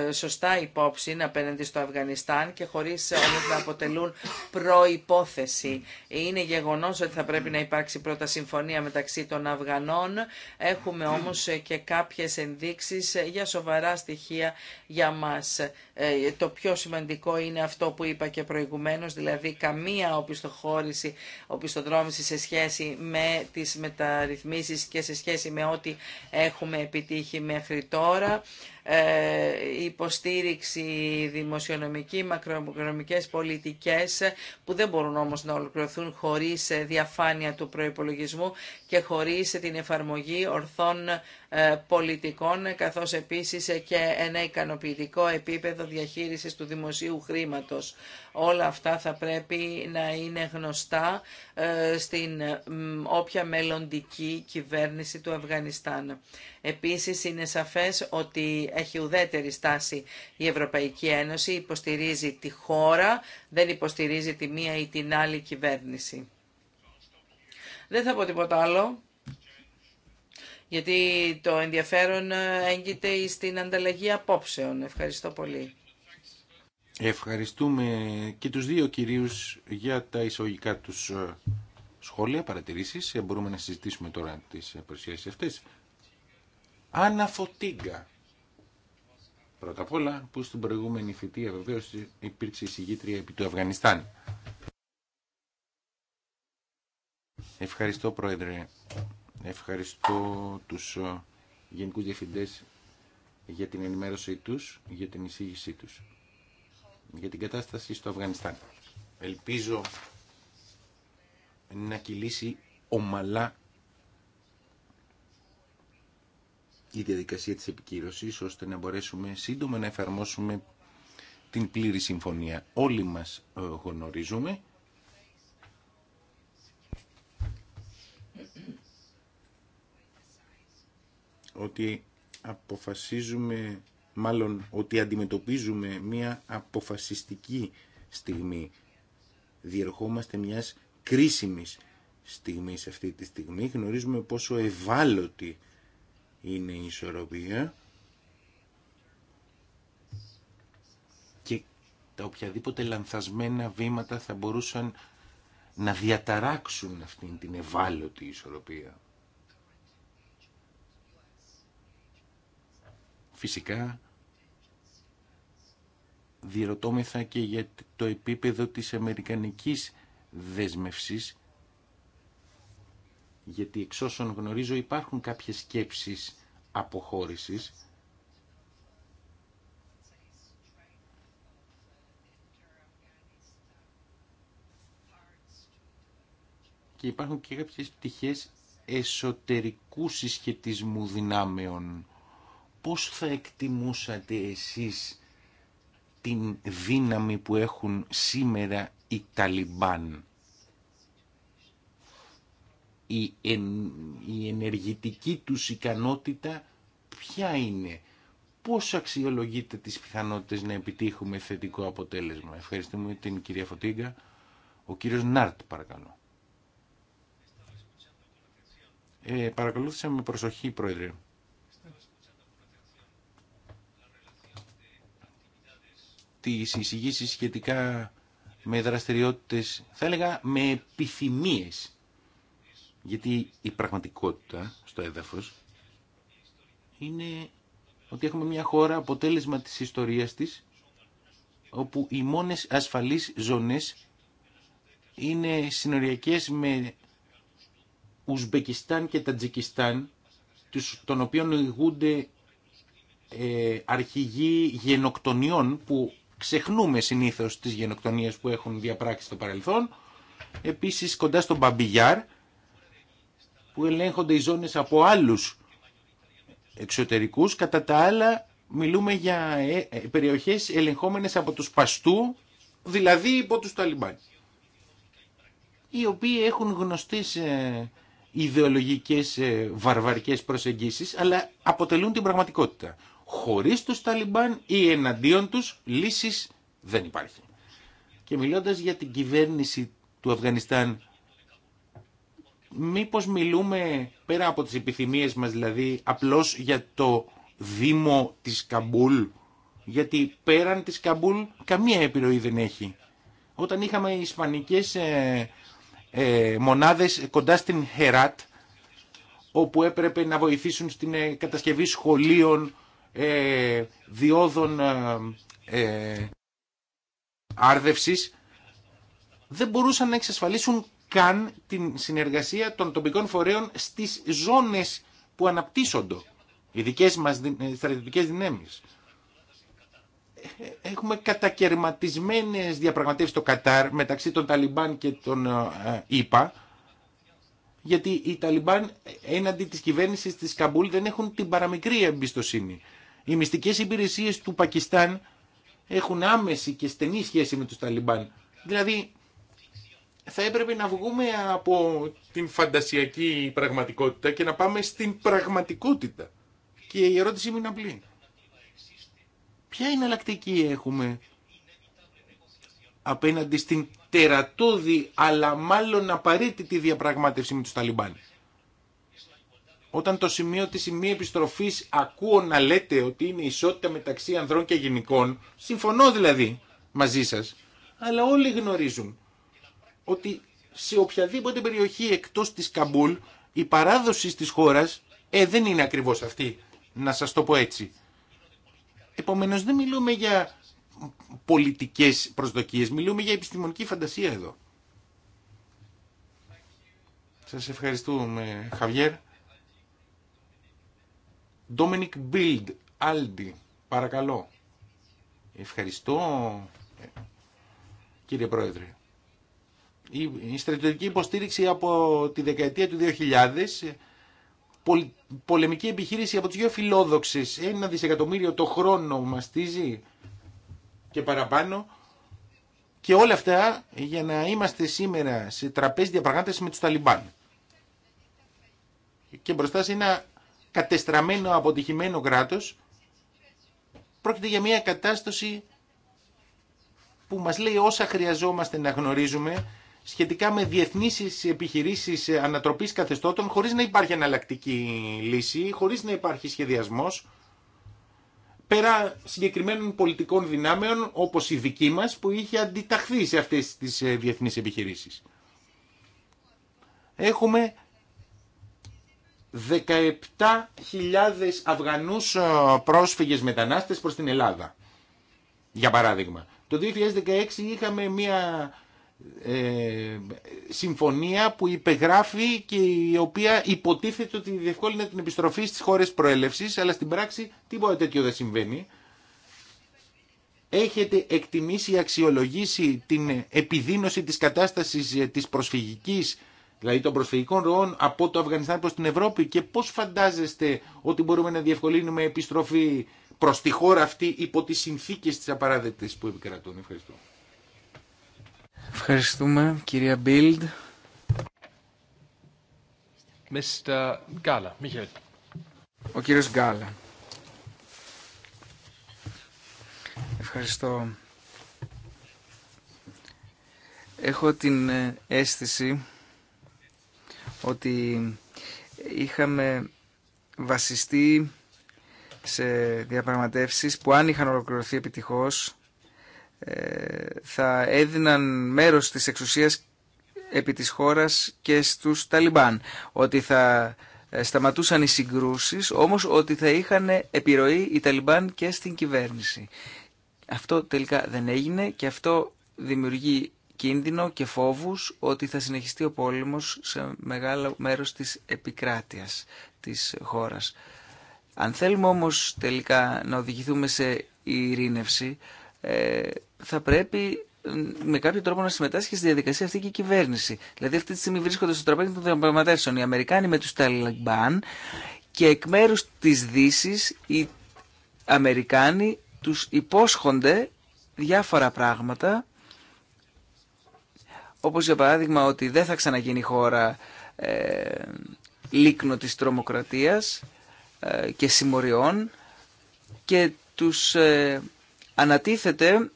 ε, σωστά υπόψη απέναντι στο Αφγανιστάν και χωρίς όμως να αποτελούν προϋπόθεση. Είναι γεγονός ότι θα πρέπει να υπάρξει πρώτα συμφωνία μεταξύ των Αφγανών. Έχουμε όμως και κάποιες ενδείξεις για σοβαρά στοιχεία για μας. Το πιο σημαντικό είναι αυτό που είπα και προηγουμένως, δηλαδή καμία οπισθοχώρηση, οπισθοδρόμηση σε σχέση με τις μεταρρυθμίσεις και σε σχέση με ό,τι έχουμε επιτύχει μέχρι τώρα ε, υποστήριξη δημοσιονομική, μακροοικονομικές πολιτικές που δεν μπορούν όμως να ολοκληρωθούν χωρίς διαφάνεια του προϋπολογισμού και χωρίς την εφαρμογή ορθών ε, πολιτικών καθώς επίσης και ένα ικανοποιητικό επίπεδο διαχείρισης του δημοσίου χρήματος. Όλα αυτά θα πρέπει να είναι γνωστά ε, στην όποια μελλοντική κυβέρνηση του Αφγανιστάν. Επίσης είναι σαφές ότι έχει ουδέτερη στάση η Ευρωπαϊκή Ένωση, υποστηρίζει τη χώρα, δεν υποστηρίζει τη μία ή την άλλη κυβέρνηση. Δεν θα πω τίποτα άλλο, γιατί το ενδιαφέρον έγκυται στην ανταλλαγή απόψεων. Ευχαριστώ πολύ. Ευχαριστούμε και τους δύο κυρίους για τα εισαγωγικά τους ε, σχόλια, παρατηρήσεις. Ε, μπορούμε να συζητήσουμε τώρα τις ε, παρουσιάσεις αυτές. Άννα Πρώτα απ' όλα που στην προηγούμενη θητεία βεβαίω υπήρξε εισηγήτρια επί του Αφγανιστάν. Ευχαριστώ Πρόεδρε, ευχαριστώ τους ε, Γενικούς Διευθυντές για την ενημέρωσή τους, για την εισήγησή τους, για την κατάσταση στο Αφγανιστάν. Ελπίζω να κυλήσει ομαλά η διαδικασία της επικύρωσης ώστε να μπορέσουμε σύντομα να εφαρμόσουμε την πλήρη συμφωνία. Όλοι μας ε, γνωρίζουμε ότι αποφασίζουμε, μάλλον ότι αντιμετωπίζουμε μια αποφασιστική στιγμή. Διερχόμαστε μιας κρίσιμης στιγμής αυτή τη στιγμή. Γνωρίζουμε πόσο ευάλωτη είναι η ισορροπία και τα οποιαδήποτε λανθασμένα βήματα θα μπορούσαν να διαταράξουν αυτήν την ευάλωτη ισορροπία. Φυσικά, διερωτώμεθα και για το επίπεδο της αμερικανικής δέσμευσης γιατί εξ όσων γνωρίζω υπάρχουν κάποιες σκέψεις αποχώρησης και υπάρχουν και κάποιες πτυχές εσωτερικού συσχετισμού δυνάμεων. Πώς θα εκτιμούσατε εσείς την δύναμη που έχουν σήμερα οι Ταλιμπάν η, η ενεργητική τους ικανότητα ποια είναι. Πώς αξιολογείται τις πιθανότητες να επιτύχουμε θετικό αποτέλεσμα. Ευχαριστούμε την κυρία Φωτίγκα. Ο κύριος Νάρτ παρακαλώ. Ε, παρακολούθησα με προσοχή πρόεδρε. τι εισηγήσεις σχετικά με δραστηριότητες, θα έλεγα με επιθυμίες γιατί η πραγματικότητα στο έδαφος είναι ότι έχουμε μια χώρα αποτέλεσμα της ιστορίας της όπου οι μόνες ασφαλείς ζώνες είναι συνοριακές με Ουσμπεκιστάν και Τατζικιστάν των οποίων ηγούνται ε, αρχηγοί γενοκτονιών που ξεχνούμε συνήθως τις γενοκτονίες που έχουν διαπράξει στο παρελθόν επίσης κοντά στον Μπαμπιγιάρ που ελέγχονται οι ζώνες από άλλους εξωτερικούς. Κατά τα άλλα μιλούμε για ε, ε, περιοχές ελεγχόμενες από τους Παστού, δηλαδή υπό τους Ταλιμπάν, οι οποίοι έχουν γνωστές ε, ιδεολογικές βαρβαρικές προσεγγίσεις, αλλά αποτελούν την πραγματικότητα. Χωρίς τους Ταλιμπάν ή εναντίον τους λύσεις δεν υπάρχει. Και μιλώντας για την κυβέρνηση του Αφγανιστάν μήπως μιλούμε πέρα από τις επιθυμίες μας δηλαδή απλώς για το Δήμο της Καμπούλ γιατί πέραν της Καμπούλ καμία επιρροή δεν έχει. Όταν είχαμε ισπανικές ε, ε μονάδες κοντά στην Χεράτ όπου έπρεπε να βοηθήσουν στην ε, κατασκευή σχολείων, ε, διόδων άρδευσης δεν μπορούσαν να εξασφαλίσουν καν την συνεργασία των τοπικών φορέων στις ζώνες που αναπτύσσονται οι δικές μας στρατιωτικές δυνάμεις. Ε, έχουμε κατακερματισμένες διαπραγματεύσεις στο Κατάρ μεταξύ των Ταλιμπάν και των ΙΠΑ ε, ε, γιατί οι Ταλιμπάν έναντι της κυβέρνησης της Καμπούλ δεν έχουν την παραμικρή εμπιστοσύνη. Οι μυστικές υπηρεσίες του Πακιστάν έχουν άμεση και στενή σχέση με τους Ταλιμπάν. Δηλαδή θα έπρεπε να βγούμε από την φαντασιακή πραγματικότητα και να πάμε στην πραγματικότητα. Και η ερώτησή μου είναι απλή. Ποια εναλλακτική έχουμε απέναντι στην τερατώδη αλλά μάλλον απαραίτητη διαπραγμάτευση με τους Ταλιμπάν. Όταν το σημείο της σημεία επιστροφής ακούω να λέτε ότι είναι ισότητα μεταξύ ανδρών και γυναικών, συμφωνώ δηλαδή μαζί σας, αλλά όλοι γνωρίζουν ότι σε οποιαδήποτε περιοχή εκτός της Καμπούλ η παράδοση της χώρας ε, δεν είναι ακριβώς αυτή, να σας το πω έτσι. Επομένως δεν μιλούμε για πολιτικές προσδοκίες, μιλούμε για επιστημονική φαντασία εδώ. Σας ευχαριστούμε, Χαβιέρ. Dominic Μπίλντ, Aldi, παρακαλώ. Ευχαριστώ, ε, κύριε Πρόεδρε η στρατιωτική υποστήριξη από τη δεκαετία του 2000 πολεμική επιχείρηση από τις δύο φιλόδοξες ένα δισεκατομμύριο το χρόνο μαστίζει και παραπάνω και όλα αυτά για να είμαστε σήμερα σε τραπέζι διαπραγμάτευση με τους Ταλιμπάν και μπροστά σε ένα κατεστραμμένο αποτυχημένο κράτος πρόκειται για μια κατάσταση που μας λέει όσα χρειαζόμαστε να γνωρίζουμε σχετικά με διεθνείς επιχειρήσεις ανατροπής καθεστώτων χωρίς να υπάρχει αναλλακτική λύση, χωρίς να υπάρχει σχεδιασμός, πέρα συγκεκριμένων πολιτικών δυνάμεων όπως η δική μας που είχε αντιταχθεί σε αυτές τις ε, διεθνείς επιχειρήσεις. Έχουμε 17.000 Αφγανούς ε, πρόσφυγες μετανάστες προς την Ελλάδα, για παράδειγμα. Το 2016 είχαμε μια ε, συμφωνία που υπεγράφει και η οποία υποτίθεται ότι διευκόλυνε την επιστροφή στις χώρες προέλευσης, αλλά στην πράξη τίποτα τέτοιο δεν συμβαίνει. Έχετε εκτιμήσει ή αξιολογήσει την επιδείνωση της κατάστασης ε, της προσφυγικής, δηλαδή των προσφυγικών ροών από το Αφγανιστάν προς την Ευρώπη και πώς φαντάζεστε ότι μπορούμε να διευκολύνουμε επιστροφή προς τη χώρα αυτή υπό τις συνθήκες της απαράδεκτης που επικρατούν. Ευχαριστώ. Ευχαριστούμε, κυρία Μπίλντ. Ο κύριος Γκάλα. Ευχαριστώ. Έχω την ε, αίσθηση ότι είχαμε βασιστεί σε διαπραγματεύσεις που αν είχαν ολοκληρωθεί επιτυχώς ε, θα έδιναν μέρος της εξουσίας επί της χώρας και στους Ταλιμπάν. Ότι θα ε, σταματούσαν οι συγκρούσεις, όμως ότι θα είχαν επιρροή οι Ταλιμπάν και στην κυβέρνηση. Αυτό τελικά δεν έγινε και αυτό δημιουργεί κίνδυνο και φόβους ότι θα συνεχιστεί ο πόλεμος σε μεγάλο μέρος της επικράτειας της χώρας. Αν θέλουμε όμως τελικά να οδηγηθούμε σε ειρήνευση, ε, θα πρέπει ε, με κάποιο τρόπο να συμμετάσχει στη διαδικασία αυτή και η κυβέρνηση. Δηλαδή αυτή τη στιγμή βρίσκονται στο τραπέζι των διαπραγματεύσεων οι Αμερικάνοι με τους Ταλιμπάν και εκ μέρου τη δύση οι Αμερικάνοι τους υπόσχονται διάφορα πράγματα όπως για παράδειγμα ότι δεν θα ξαναγίνει χώρα ε, λίκνο της τρομοκρατίας ε, και συμμοριών και τους ανατίθεται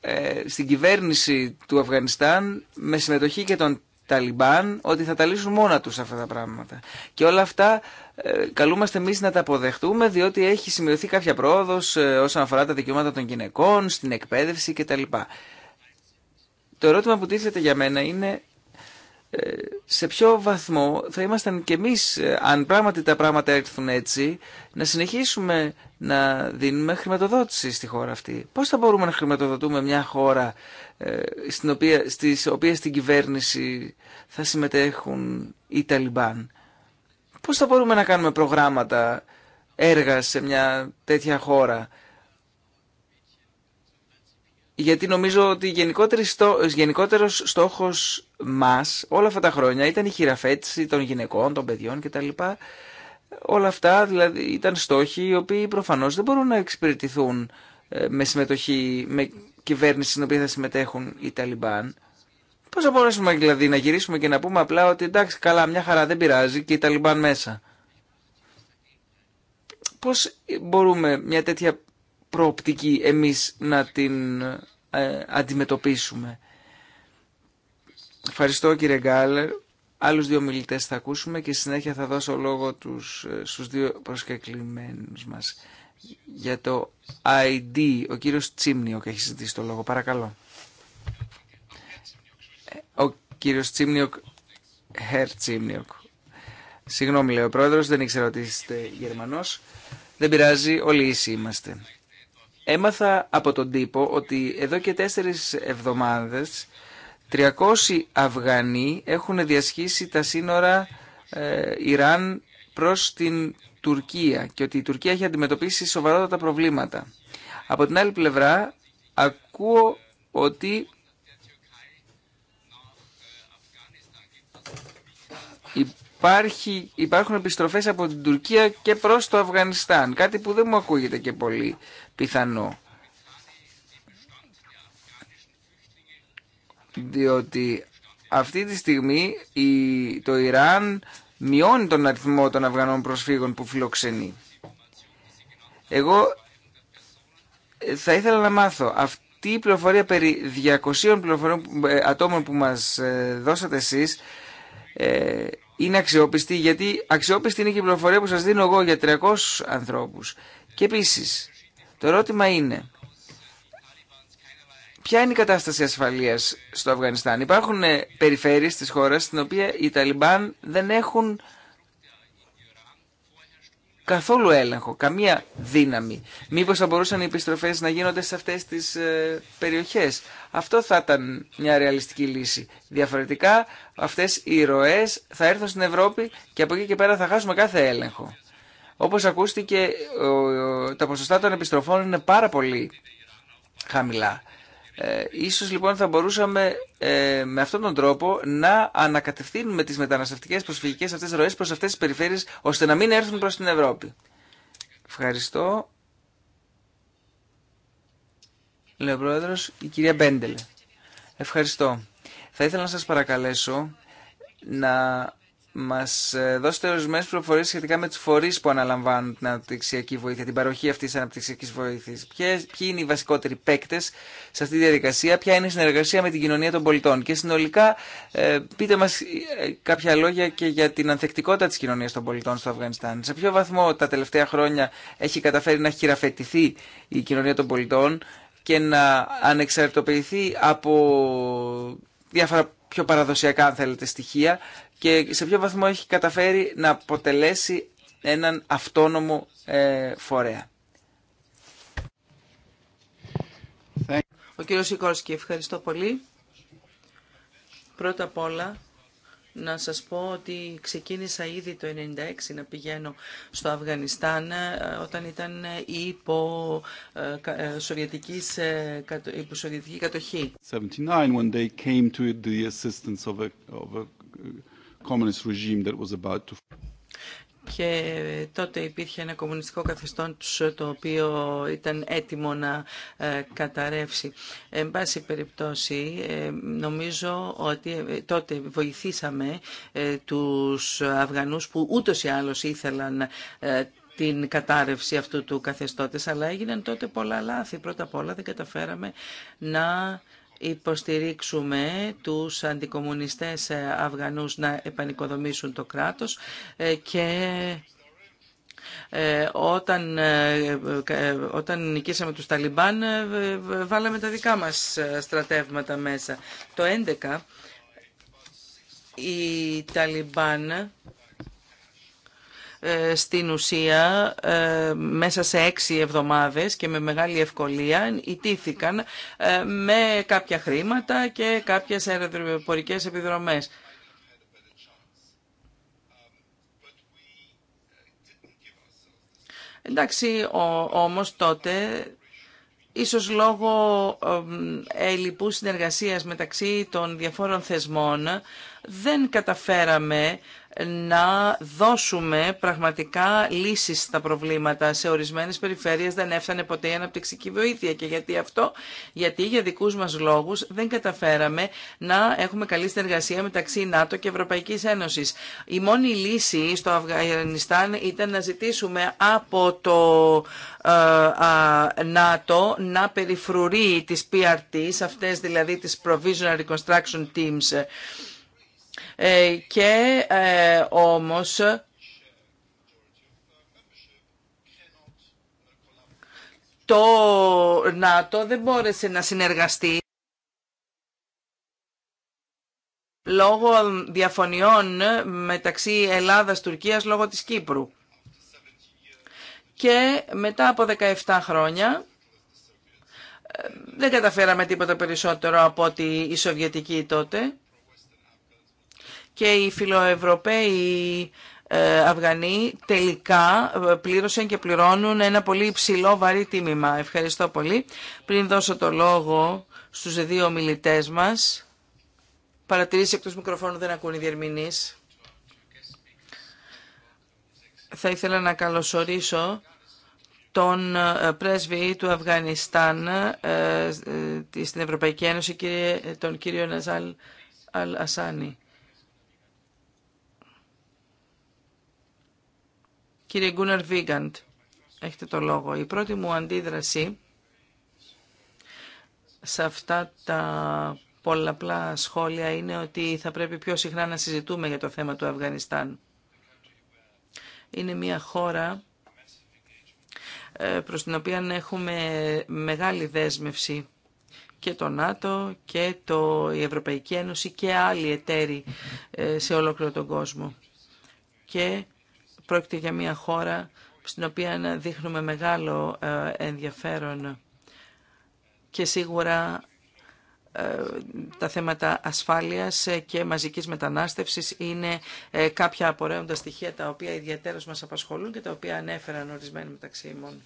ε, στην κυβέρνηση του Αφγανιστάν με συμμετοχή και των Ταλιμπάν ότι θα τα λύσουν μόνα τους αυτά τα πράγματα. Και όλα αυτά ε, καλούμαστε εμείς να τα αποδεχτούμε διότι έχει σημειωθεί κάποια πρόοδος ε, όσον αφορά τα δικαιώματα των γυναικών, στην εκπαίδευση κτλ. Το ερώτημα που τίθεται για μένα είναι σε ποιο βαθμό θα ήμασταν κι εμείς, ε, αν πράγματι τα πράγματα έρθουν έτσι, να συνεχίσουμε να δίνουμε χρηματοδότηση στη χώρα αυτή. Πώς θα μπορούμε να χρηματοδοτούμε μια χώρα ε, στην οποία, στις στην κυβέρνηση θα συμμετέχουν οι Ταλιμπάν. Πώς θα μπορούμε να κάνουμε προγράμματα έργα σε μια τέτοια χώρα γιατί νομίζω ότι γενικότερο στόχο μα, όλα αυτά τα χρόνια ήταν η χειραφέτηση των γυναικών, των παιδιών κτλ. Όλα αυτά δηλαδή ήταν στόχοι οι οποίοι προφανώ δεν μπορούν να εξυπηρετηθούν ε, με συμμετοχή, με κυβέρνηση στην οποία θα συμμετέχουν οι Ταλιμπάν. Πώ θα μπορέσουμε δηλαδή να γυρίσουμε και να πούμε απλά ότι εντάξει καλά μια χαρά δεν πειράζει και οι Ταλιμπάν μέσα. Πώς μπορούμε μια τέτοια προοπτική εμείς να την ε, αντιμετωπίσουμε. Ευχαριστώ κύριε Γκάλερ. Άλλους δύο μιλητές θα ακούσουμε και συνέχεια θα δώσω λόγο τους, ε, στους δύο προσκεκλημένους μας. Για το ID, ο κύριος Τσίμνιοκ έχει ζητήσει το λόγο. Παρακαλώ. Ε, ο κύριος Τσίμνιοκ, Herr Τσίμνιοκ. Συγγνώμη λέει ο πρόεδρος, δεν ήξερα ότι είστε Γερμανός. Δεν πειράζει, όλοι ίσοι είμαστε. Έμαθα από τον τύπο ότι εδώ και τέσσερις εβδομάδες 300 Αυγανοί έχουν διασχίσει τα σύνορα ε, Ιράν προς την Τουρκία και ότι η Τουρκία έχει αντιμετωπίσει σοβαρότατα προβλήματα. Από την άλλη πλευρά ακούω ότι υπάρχει, υπάρχουν επιστροφές από την Τουρκία και προς το Αφγανιστάν. Κάτι που δεν μου ακούγεται και πολύ πιθανό. Διότι αυτή τη στιγμή η, το Ιράν μειώνει τον αριθμό των Αφγανών προσφύγων που φιλοξενεί. Εγώ ε, θα ήθελα να μάθω αυτή η πληροφορία περί 200 πληροφοριών ε, ατόμων που μας ε, δώσατε εσείς είναι αξιόπιστη γιατί αξιόπιστη είναι και η πληροφορία που σας δίνω εγώ για 300 ανθρώπους. Και επίση, το ερώτημα είναι, ποια είναι η κατάσταση ασφαλείας στο Αφγανιστάν. Υπάρχουν ε, περιφέρειες της χώρας στην οποία οι Ταλιμπάν δεν έχουν καθόλου έλεγχο, καμία δύναμη. Μήπως θα μπορούσαν οι επιστροφές να γίνονται σε αυτές τις ε, περιοχές. Αυτό θα ήταν μια ρεαλιστική λύση. Διαφορετικά αυτές οι ροές θα έρθουν στην Ευρώπη και από εκεί και πέρα θα χάσουμε κάθε έλεγχο. Όπως ακούστηκε, τα ποσοστά των επιστροφών είναι πάρα πολύ χαμηλά. Ε, ίσως λοιπόν θα μπορούσαμε ε, με αυτόν τον τρόπο να ανακατευθύνουμε τις μεταναστευτικές προσφυγικές αυτές ροές προς αυτές τις περιφέρειες ώστε να μην έρθουν προς την Ευρώπη. Ευχαριστώ. Λέω πρόεδρος, η κυρία Μπέντελε. Ευχαριστώ. Θα ήθελα να σας παρακαλέσω να Μα ε, δώσετε ορισμένε προφορές σχετικά με του φορεί που αναλαμβάνουν την αναπτυξιακή βοήθεια, την παροχή αυτή τη αναπτυξιακή βοήθεια. Ποιοι είναι οι βασικότεροι παίκτε σε αυτή τη διαδικασία, ποια είναι η συνεργασία με την κοινωνία των πολιτών. Και συνολικά ε, πείτε μα ε, κάποια λόγια και για την ανθεκτικότητα τη κοινωνία των πολιτών στο Αφγανιστάν. Σε ποιο βαθμό τα τελευταία χρόνια έχει καταφέρει να χειραφετηθεί η κοινωνία των πολιτών και να ανεξαρτητοποιηθεί από διάφορα πιο παραδοσιακά αν θέλετε στοιχεία και σε ποιο βαθμό έχει καταφέρει να αποτελέσει έναν αυτόνομο ε, φορέα. Ο κύριος Σικόρσκι, ευχαριστώ πολύ. Πρώτα απ' όλα, να σας πω ότι ξεκίνησα ήδη το 1996 να πηγαίνω στο Αφγανιστάν ε, όταν ήταν υπό, ε, σοβιετικής, υπό σοβιετική κατοχή. 79, when they came to the assistance of regime that was about to και τότε υπήρχε ένα κομμουνιστικό καθεστώς το οποίο ήταν έτοιμο να ε, καταρρεύσει. Εν πάση περιπτώσει, ε, νομίζω ότι ε, τότε βοηθήσαμε τους Αφγανούς που ούτως ή άλλως ήθελαν την κατάρρευση αυτού του καθεστώτες, αλλά έγιναν τότε πολλά λάθη. Πρώτα απ' όλα δεν καταφέραμε να υποστηρίξουμε τους αντικομουνιστές ε, Αφγανούς να επανοικοδομήσουν το κράτος ε, και ε, όταν, όταν νικήσαμε τους Ταλιμπάν βάλαμε τα δικά μας στρατεύματα μέσα. Το 11 οι Ταλιμπάν ε, στην ουσία ε, μέσα σε έξι εβδομάδες και με μεγάλη ευκολία ιτήθηκαν ε, με κάποια χρήματα και κάποιες αεροπορικές επιδρομές. Εντάξει, όμως τότε ίσως λόγω ελλειπού συνεργασίας μεταξύ των διαφόρων θεσμών δεν καταφέραμε να δώσουμε πραγματικά λύσεις στα προβλήματα. Σε ορισμένες περιφέρειες δεν έφτανε ποτέ η αναπτυξική βοήθεια. Και γιατί αυτό, γιατί για δικούς μας λόγους δεν καταφέραμε να έχουμε καλή συνεργασία μεταξύ ΝΑΤΟ και Ευρωπαϊκής Ένωσης. Η μόνη λύση στο Αφγανιστάν ήταν να ζητήσουμε από το ε, ΝΑΤΟ να περιφρουρεί τις PRT, αυτές δηλαδή τις Provisional Reconstruction Teams, ε, και ε, όμως το ΝΑΤΟ δεν μπόρεσε να συνεργαστεί λόγω διαφωνιών μεταξύ Ελλάδας-Τουρκίας λόγω της Κύπρου. Και μετά από 17 χρόνια ε, δεν καταφέραμε τίποτα περισσότερο από ότι η Σοβιετική τότε και οι φιλοευρωπαίοι ε, Αυγανοί τελικά ε, πλήρωσαν και πληρώνουν ένα πολύ υψηλό βαρύ τίμημα. Ευχαριστώ πολύ. Πριν δώσω το λόγο στους δύο μιλητές μας, παρατηρήσει εκτός μικροφώνου δεν ακούν οι διερμηνείς. Θα ήθελα να καλωσορίσω τον ε, πρέσβη του Αφγανιστάν στην Ευρωπαϊκή Ένωση, τον κύριο Ναζάλ Αλ Αλ-Ασάνι. Κύριε Γκούναρ Βίγκαντ, έχετε το λόγο. Η πρώτη μου αντίδραση σε αυτά τα πολλαπλά σχόλια είναι ότι θα πρέπει πιο συχνά να συζητούμε για το θέμα του Αφγανιστάν. Είναι μια χώρα ε, προς την οποία έχουμε μεγάλη δέσμευση και το ΝΑΤΟ και το, η Ευρωπαϊκή Ένωση και άλλοι εταίροι ε, σε ολόκληρο τον κόσμο. Και Πρόκειται για μια χώρα στην οποία δείχνουμε μεγάλο ε, ενδιαφέρον και σίγουρα ε, τα θέματα ασφάλειας και μαζικής μετανάστευσης είναι ε, κάποια απορρέοντα στοιχεία τα οποία ιδιαίτερως μας απασχολούν και τα οποία ανέφεραν ορισμένοι μεταξύ ημών.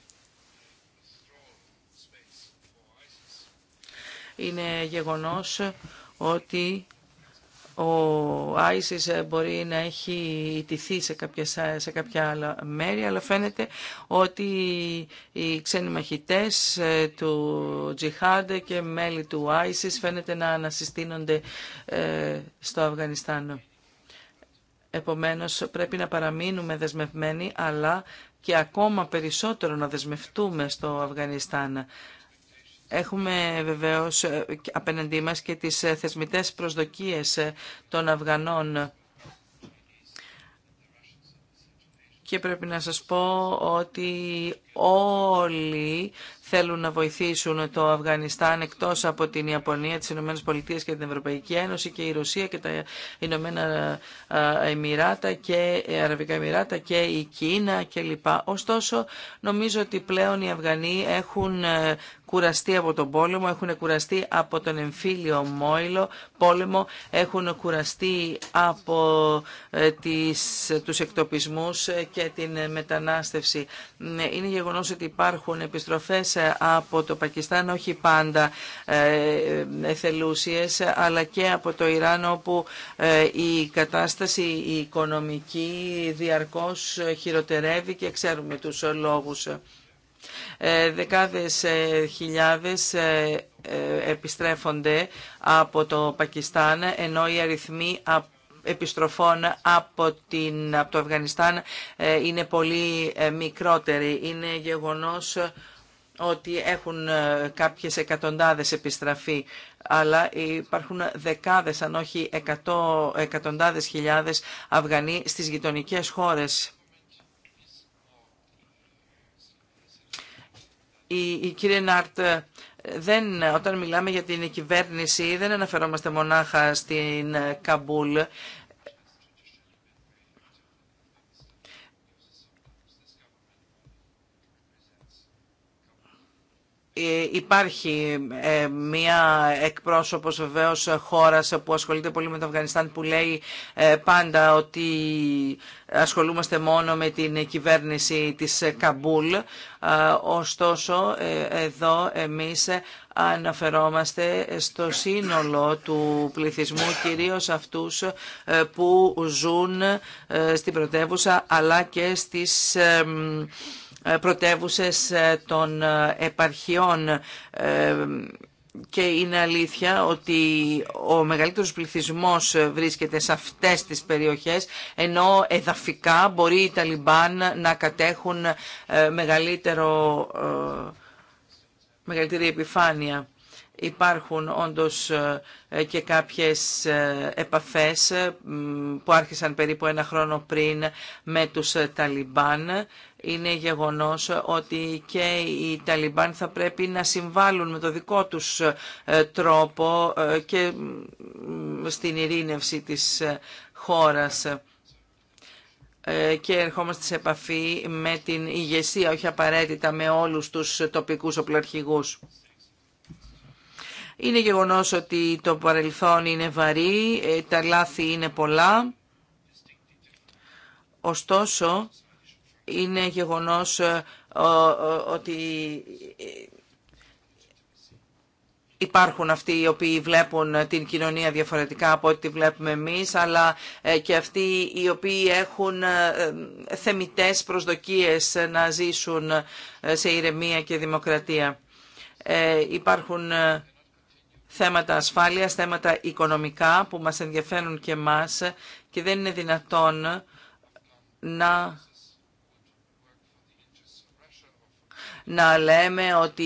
Είναι γεγονός ότι ο Άισις ε, μπορεί να έχει ιτηθεί σε κάποια, σε κάποια άλλα μέρη, αλλά φαίνεται ότι οι ξένοι μαχητές ε, του Τζιχάντε και μέλη του Άισις φαίνεται να ανασυστήνονται ε, στο Αφγανιστάν. Επομένως πρέπει να παραμείνουμε δεσμευμένοι, αλλά και ακόμα περισσότερο να δεσμευτούμε στο Αφγανιστάν. Έχουμε βεβαίως ε, απέναντί μας και τις ε, θεσμητές προσδοκίες ε, των Αφγανών. Και πρέπει να σας πω ότι όλοι θέλουν να βοηθήσουν το Αφγανιστάν εκτός από την Ιαπωνία, τις Ηνωμένε Πολιτείε και την Ευρωπαϊκή Ένωση και η Ρωσία και τα Ηνωμένα Εμμυράτα και Αραβικά Εμμυράτα και η Κίνα κλπ. Ωστόσο νομίζω ότι πλέον οι Αφγανοί έχουν κουραστεί από τον πόλεμο, έχουν κουραστεί από τον εμφύλιο μόιλο, πόλεμο, έχουν κουραστεί από ε, τις, τους εκτοπισμούς ε, και την μετανάστευση. Ναι, είναι γεγονός ότι υπάρχουν επιστροφές ε, από το Πακιστάν, όχι πάντα εθελούσιες, αλλά και από το Ιράν όπου η κατάσταση οικονομική διαρκώς χειροτερεύει και ξέρουμε τους λόγους. Ε, δεκάδες ε, χιλιάδες ε, επιστρέφονται από το Πακιστάν, ενώ οι αριθμοί επιστροφών από, την, από το Αφγανιστάν είναι πολύ μικρότεροι. Είναι γεγονός ότι έχουν κάποιες εκατοντάδες επιστραφή, αλλά υπάρχουν δεκάδες αν όχι εκατό, εκατοντάδες χιλιάδες Αφγανοί στις γειτονικές χώρες. η, η κύριε Νάρτ, ε, δεν, όταν μιλάμε για την κυβέρνηση δεν αναφερόμαστε μονάχα στην ε, Καμπούλ. Ε, υπάρχει ε, μία εκπρόσωπος βεβαίως χώρας που ασχολείται πολύ με το Αφγανιστάν που λέει ε, πάντα ότι ασχολούμαστε μόνο με την κυβέρνηση της Καμπούλ. Ωστόσο, εδώ εμείς αναφερόμαστε στο σύνολο του πληθυσμού, κυρίως αυτούς που ζουν στην πρωτεύουσα αλλά και στις ε, πρωτεύουσες ε, των ε, επαρχιών και είναι αλήθεια ότι ο μεγαλύτερος πληθυσμός βρίσκεται σε αυτές τις περιοχές ενώ εδαφικά μπορεί οι Ταλιμπάν να κατέχουν μεγαλύτερο, μεγαλύτερη επιφάνεια. Υπάρχουν όντως και κάποιες επαφές που άρχισαν περίπου ένα χρόνο πριν με τους Ταλιμπάν είναι γεγονός ότι και οι Ταλιμπάν θα πρέπει να συμβάλλουν με το δικό τους ε, τρόπο ε, και στην ειρήνευση της ε, χώρας και ερχόμαστε σε επαφή με την ηγεσία, όχι απαραίτητα με όλους τους τοπικούς οπλαρχηγούς. Είναι γεγονός ότι το παρελθόν είναι βαρύ, τα λάθη είναι πολλά, ωστόσο είναι γεγονός ε, ότι υπάρχουν αυτοί οι οποίοι βλέπουν την κοινωνία διαφορετικά από ό,τι τη βλέπουμε εμείς, αλλά ε, και αυτοί οι οποίοι έχουν ε, θεμητές προσδοκίες να ζήσουν σε ηρεμία και δημοκρατία. Υπάρχουν θέματα ασφάλειας, θέματα οικονομικά που μας ενδιαφέρουν και μας και δεν είναι δυνατόν να να λέμε ότι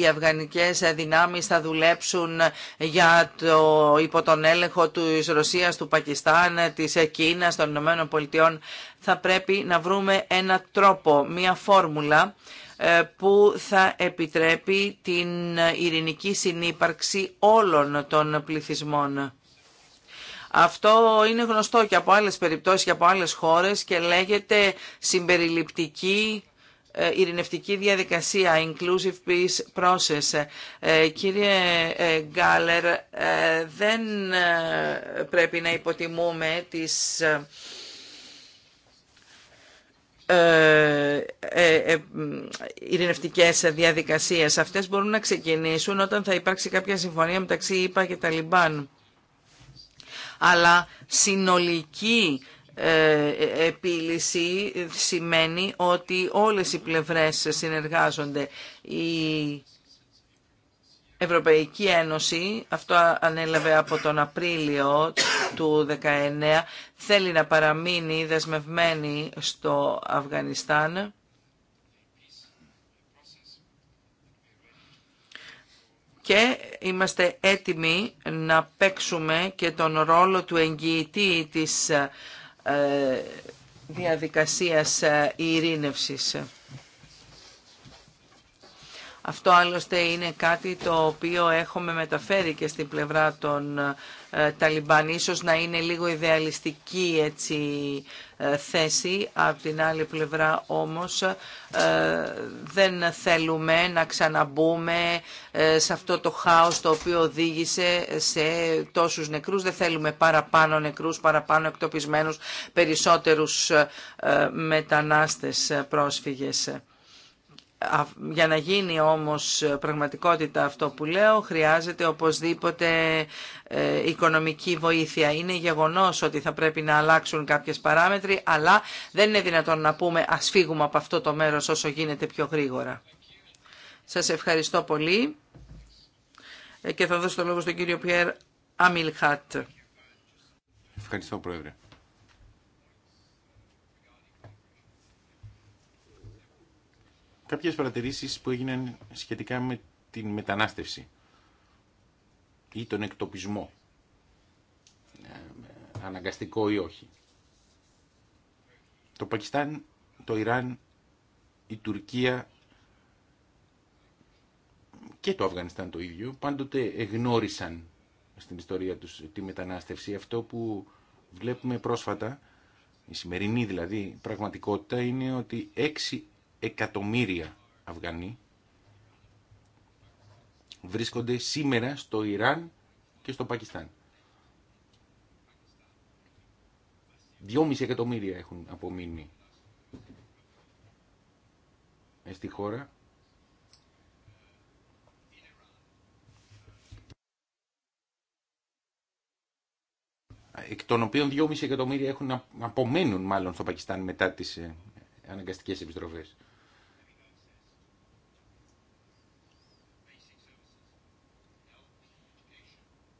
οι αφγανικές δυνάμεις θα δουλέψουν για το, υπό τον έλεγχο της Ρωσίας, του Πακιστάν, της Κίνας, των Ηνωμένων Πολιτειών. Θα πρέπει να βρούμε ένα τρόπο, μια φόρμουλα ε, που θα επιτρέπει την ειρηνική συνύπαρξη όλων των πληθυσμών. Αυτό είναι γνωστό και από άλλες περιπτώσεις και από άλλες χώρες και λέγεται συμπεριληπτική ε, ειρηνευτική διαδικασία, inclusive peace process. Ε, κύριε ε, Γκάλερ, δεν πρέπει να υποτιμούμε τις ειρηνευτικές διαδικασίες. Αυτές μπορούν να ξεκινήσουν όταν θα υπάρξει κάποια συμφωνία μεταξύ ΙΠΑ και Ταλιμπάν. Αλλά συνολική ε, επίλυση σημαίνει ότι όλες οι πλευρές συνεργάζονται. Η Ευρωπαϊκή Ένωση, αυτό ανέλαβε από τον Απρίλιο του 19, θέλει να παραμείνει δεσμευμένη στο Αφγανιστάν. και είμαστε έτοιμοι να παίξουμε και τον ρόλο του εγγυητή της ε, διαδικασίας ε, ειρήνευσης. Αυτό άλλωστε είναι κάτι το οποίο έχουμε μεταφέρει και στην πλευρά των ε, Ταλιμπάν. Ίσως να είναι λίγο ιδεαλιστική έτσι ε, θέση. Από την άλλη πλευρά όμως ε, δεν θέλουμε να ξαναμπούμε ε, σε αυτό το χάος το οποίο οδήγησε σε τόσους νεκρούς. Δεν θέλουμε παραπάνω νεκρούς, παραπάνω εκτοπισμένους, περισσότερους μετανάστες πρόσφυγες. Για να γίνει όμως πραγματικότητα αυτό που λέω, χρειάζεται οπωσδήποτε ε, οικονομική βοήθεια. Είναι γεγονός ότι θα πρέπει να αλλάξουν κάποιες παράμετροι, αλλά δεν είναι δυνατόν να πούμε ας φύγουμε από αυτό το μέρος όσο γίνεται πιο γρήγορα. Σας ευχαριστώ πολύ ε, και θα δώσω το λόγο στον κύριο Πιέρ Αμιλχάτ. Ευχαριστώ, Πρόεδρε. Κάποιες παρατηρήσεις που έγιναν σχετικά με την μετανάστευση ή τον εκτοπισμό, ε, αναγκαστικό ή όχι. Το Πακιστάν, το Ιράν, η Τουρκία και το Αφγανιστάν το ίδιο πάντοτε εγνώρισαν στην ιστορία τους τη μετανάστευση. Αυτό που βλέπουμε πρόσφατα, η σημερινή δηλαδή πραγματικότητα, είναι ότι έξι εκατομμύρια Αφγανοί βρίσκονται σήμερα στο Ιράν και στο Πακιστάν. 2,5 εκατομμύρια έχουν απομείνει στη χώρα. Εκ των οποίων 2,5 εκατομμύρια έχουν απομένουν μάλλον στο Πακιστάν μετά τις ε, αναγκαστικές επιστροφές.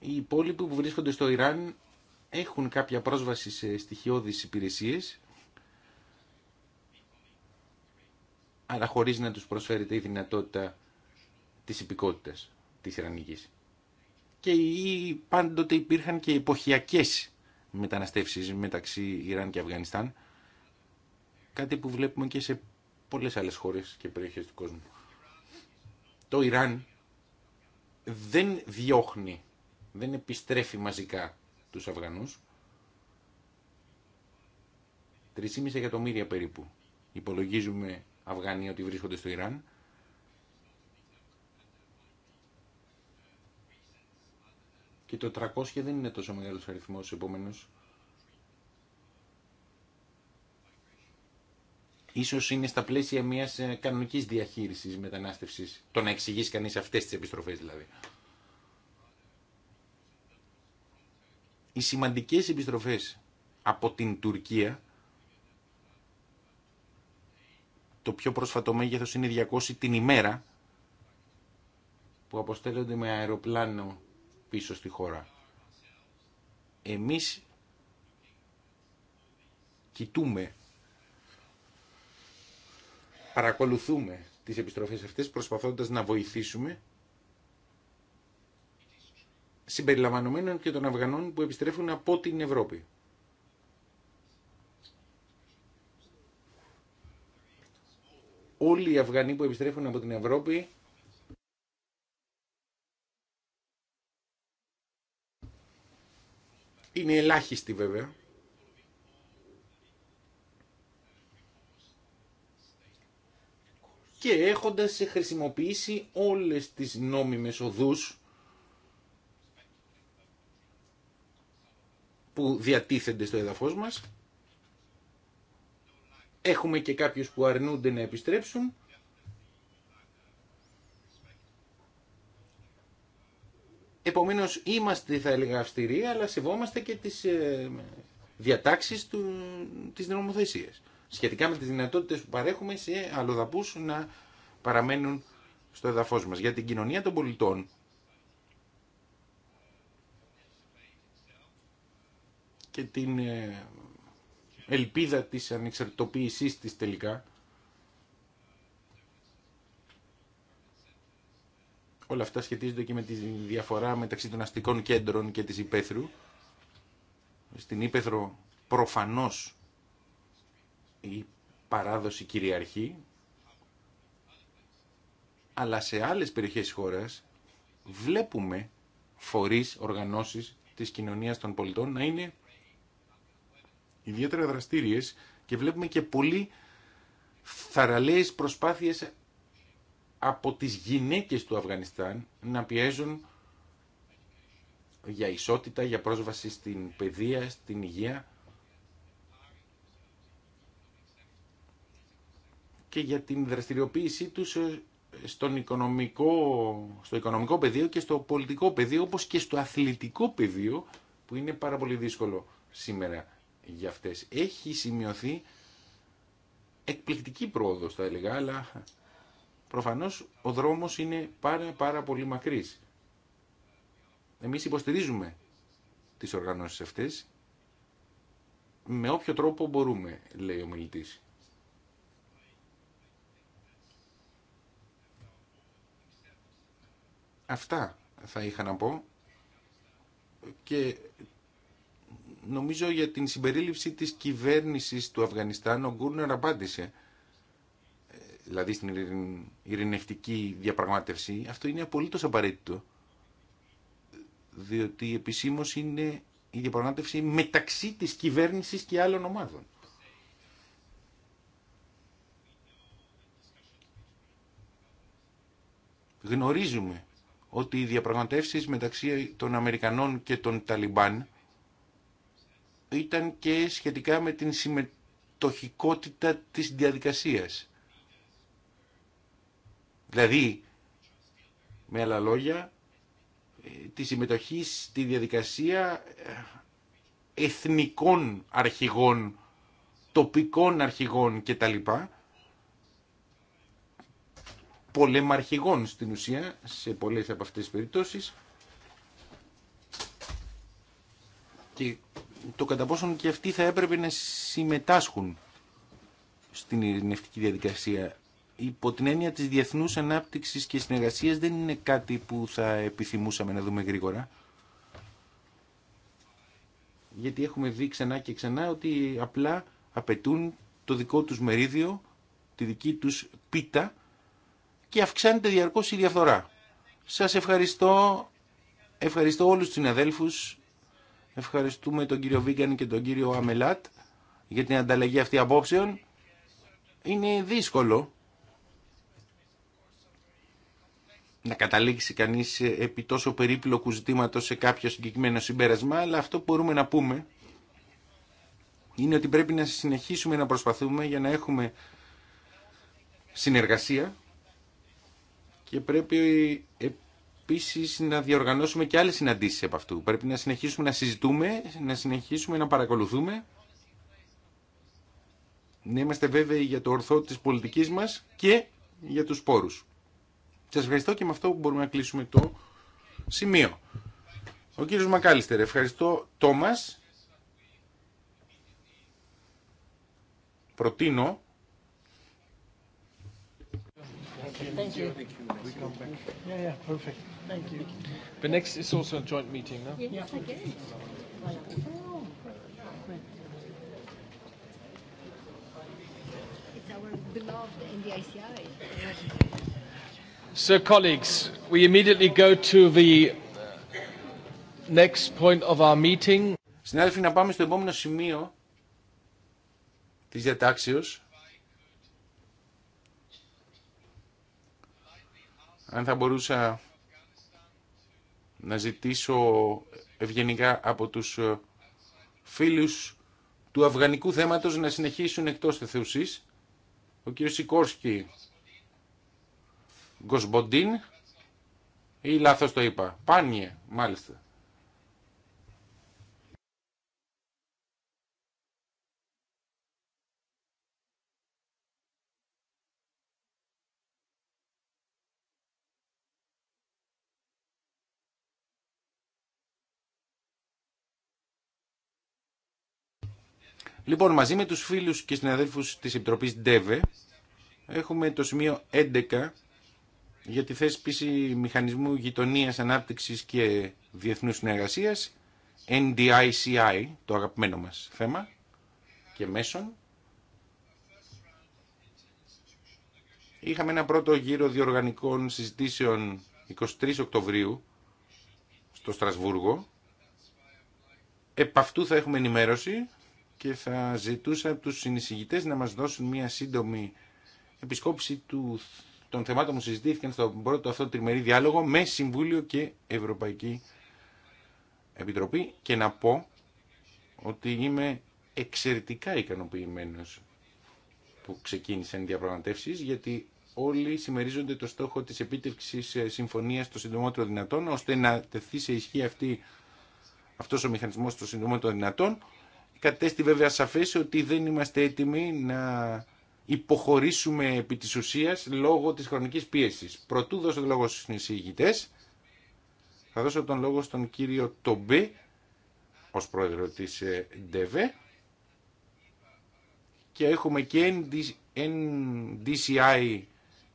οι υπόλοιποι που βρίσκονται στο Ιράν έχουν κάποια πρόσβαση σε στοιχειώδεις υπηρεσίες, αλλά χωρίς να τους προσφέρεται η δυνατότητα της υπηκότητας της Ιρανικής. Και πάντοτε υπήρχαν και εποχιακές μεταναστεύσεις μεταξύ Ιράν και Αφγανιστάν, κάτι που βλέπουμε και σε πολλές άλλες χώρες και περιοχές του κόσμου. Το Ιράν δεν διώχνει δεν επιστρέφει μαζικά τους Αφγανούς. 3,5 εκατομμύρια περίπου υπολογίζουμε Αφγανοί ότι βρίσκονται στο Ιράν. Και το 300 δεν είναι τόσο μεγάλος αριθμός, επομένως ίσως είναι στα πλαίσια μιας ε, κανονικής διαχείρισης μετανάστευσης, το να εξηγήσει κανείς αυτές τις επιστροφές δηλαδή. οι σημαντικές επιστροφές από την Τουρκία, το πιο πρόσφατο μέγεθος είναι 200 την ημέρα, που αποστέλλονται με αεροπλάνο πίσω στη χώρα. Εμείς κοιτούμε, παρακολουθούμε τις επιστροφές αυτές προσπαθώντας να βοηθήσουμε συμπεριλαμβανομένων και των Αφγανών που επιστρέφουν από την Ευρώπη. Όλοι οι Αφγανοί που επιστρέφουν από την Ευρώπη είναι ελάχιστοι βέβαια. Και έχοντας χρησιμοποιήσει όλες τις νόμιμες οδούς που διατίθενται στο έδαφος μας. Έχουμε και κάποιους που αρνούνται να επιστρέψουν. Επομένως είμαστε θα έλεγα αυστηροί, αλλά σεβόμαστε και τις ε, διατάξεις του, της νομοθεσίας. Σχετικά με τις δυνατότητες που παρέχουμε σε αλλοδαπούς να παραμένουν στο εδαφός μας. Για την κοινωνία των πολιτών και την ε, ελπίδα της ανεξαρτητοποίησής της τελικά. Όλα αυτά σχετίζονται και με τη διαφορά μεταξύ των αστικών κέντρων και της Υπέθρου. Στην Υπέθρο προφανώς η παράδοση κυριαρχεί, αλλά σε άλλες περιοχές της χώρας βλέπουμε φορείς, οργανώσεις της κοινωνίας των πολιτών να είναι ιδιαίτερα δραστηριε και βλέπουμε και πολύ θαραλέε προσπάθειες από τις γυναίκε του Αφγανιστάν να πιέζουν για ισότητα, για πρόσβαση στην παιδεία, στην υγεία και για την δραστηριοποίησή τους στον οικονομικό, στο οικονομικό πεδίο και στο πολιτικό πεδίο όπως και στο αθλητικό πεδίο που είναι πάρα πολύ δύσκολο σήμερα για αυτές. Έχει σημειωθεί εκπληκτική πρόοδος θα έλεγα, αλλά προφανώς ο δρόμος είναι πάρα πάρα πολύ μακρύς. Εμείς υποστηρίζουμε τις οργανώσεις αυτές με όποιο τρόπο μπορούμε, λέει ο μιλητής. Αυτά θα είχα να πω και νομίζω για την συμπερίληψη της κυβέρνησης του Αφγανιστάν ο Γκούρνερ απάντησε ε, δηλαδή στην ειρηνευτική διαπραγμάτευση αυτό είναι απολύτως απαραίτητο διότι επισήμω είναι η διαπραγμάτευση μεταξύ της κυβέρνησης και άλλων ομάδων γνωρίζουμε ότι οι διαπραγματεύσεις μεταξύ των Αμερικανών και των Ταλιμπάν ήταν και σχετικά με την συμμετοχικότητα της διαδικασίας. Δηλαδή, με άλλα λόγια, ε, τη συμμετοχή στη διαδικασία ε, εθνικών αρχηγών, τοπικών αρχηγών κτλ. Πολεμαρχηγών στην ουσία, σε πολλές από αυτές τις περιπτώσεις. Και το κατά πόσον και αυτοί θα έπρεπε να συμμετάσχουν στην ειρηνευτική διαδικασία. Υπό την έννοια της διεθνούς ανάπτυξης και συνεργασίας δεν είναι κάτι που θα επιθυμούσαμε να δούμε γρήγορα. Γιατί έχουμε δει ξανά και ξανά ότι απλά απαιτούν το δικό τους μερίδιο, τη δική τους πίτα και αυξάνεται διαρκώς η διαφθορά. Σας ευχαριστώ, ευχαριστώ όλους τους συναδέλφους Ευχαριστούμε τον κύριο Βίγκαν και τον κύριο Αμελάτ για την ανταλλαγή αυτή απόψεων. Είναι δύσκολο να καταλήξει κανείς επί τόσο περίπλοκου ζητήματος σε κάποιο συγκεκριμένο συμπέρασμα, αλλά αυτό που μπορούμε να πούμε είναι ότι πρέπει να συνεχίσουμε να προσπαθούμε για να έχουμε συνεργασία και πρέπει επίση να διοργανώσουμε και άλλε συναντήσεις από αυτού. Πρέπει να συνεχίσουμε να συζητούμε, να συνεχίσουμε να παρακολουθούμε, να είμαστε βέβαιοι για το ορθό τη πολιτικής μας και για τους πόρους. Σας ευχαριστώ και με αυτό που μπορούμε να κλείσουμε το σημείο. Ο κύριο Μακάλιστερ, ευχαριστώ Τόμας. Προτείνω. Thank you. Thank you we back. Yeah, yeah, perfect. Thank you. The next is also a joint meeting, no? Yeah, I guess. So, colleagues, we immediately go to the next point of our meeting. Συνάδελφοι, να πάμε στο επόμενο σημείο της διατάξεως. αν θα μπορούσα να ζητήσω ευγενικά από τους ε, φίλους του αφγανικού θέματος να συνεχίσουν εκτός θεθούσης. Ο κύριος Σικόρσκι Γκοσμποντίν ή λάθος το είπα. Πάνιε, μάλιστα. Λοιπόν, μαζί με τους φίλους και συναδέλφους της Επιτροπής ΔΕΒΕ έχουμε το σημείο 11 για τη θέσπιση μηχανισμού γειτονίας, ανάπτυξης και διεθνούς συνεργασίας, NDICI, το αγαπημένο μας θέμα, και μέσον. Είχαμε ένα πρώτο γύρο διοργανικών συζητήσεων 23 Οκτωβρίου στο Στρασβούργο. Επ' αυτού θα έχουμε ενημέρωση και θα ζητούσα τους συνεισηγητές να μας δώσουν μια σύντομη επισκόπηση του, των θεμάτων που συζητήθηκαν στον πρώτο αυτό τριμερή διάλογο με Συμβούλιο και Ευρωπαϊκή Επιτροπή και να πω ότι είμαι εξαιρετικά ικανοποιημένος που ξεκίνησαν οι διαπραγματεύσεις γιατί όλοι συμμερίζονται το στόχο της επίτευξης ε, συμφωνίας το συντομότερο δυνατόν ώστε να τεθεί σε ισχύ αυτή, αυτός ο μηχανισμός το συντομότερο δυνατόν κατέστη βέβαια σαφές ότι δεν είμαστε έτοιμοι να υποχωρήσουμε επί της ουσίας λόγω της χρονικής πίεσης. Προτού δώσω τον λόγο στους συνεισήγητες. θα δώσω τον λόγο στον κύριο Τομπέ, ως πρόεδρο της ε, ΔΕΒΕ, και έχουμε και NDCI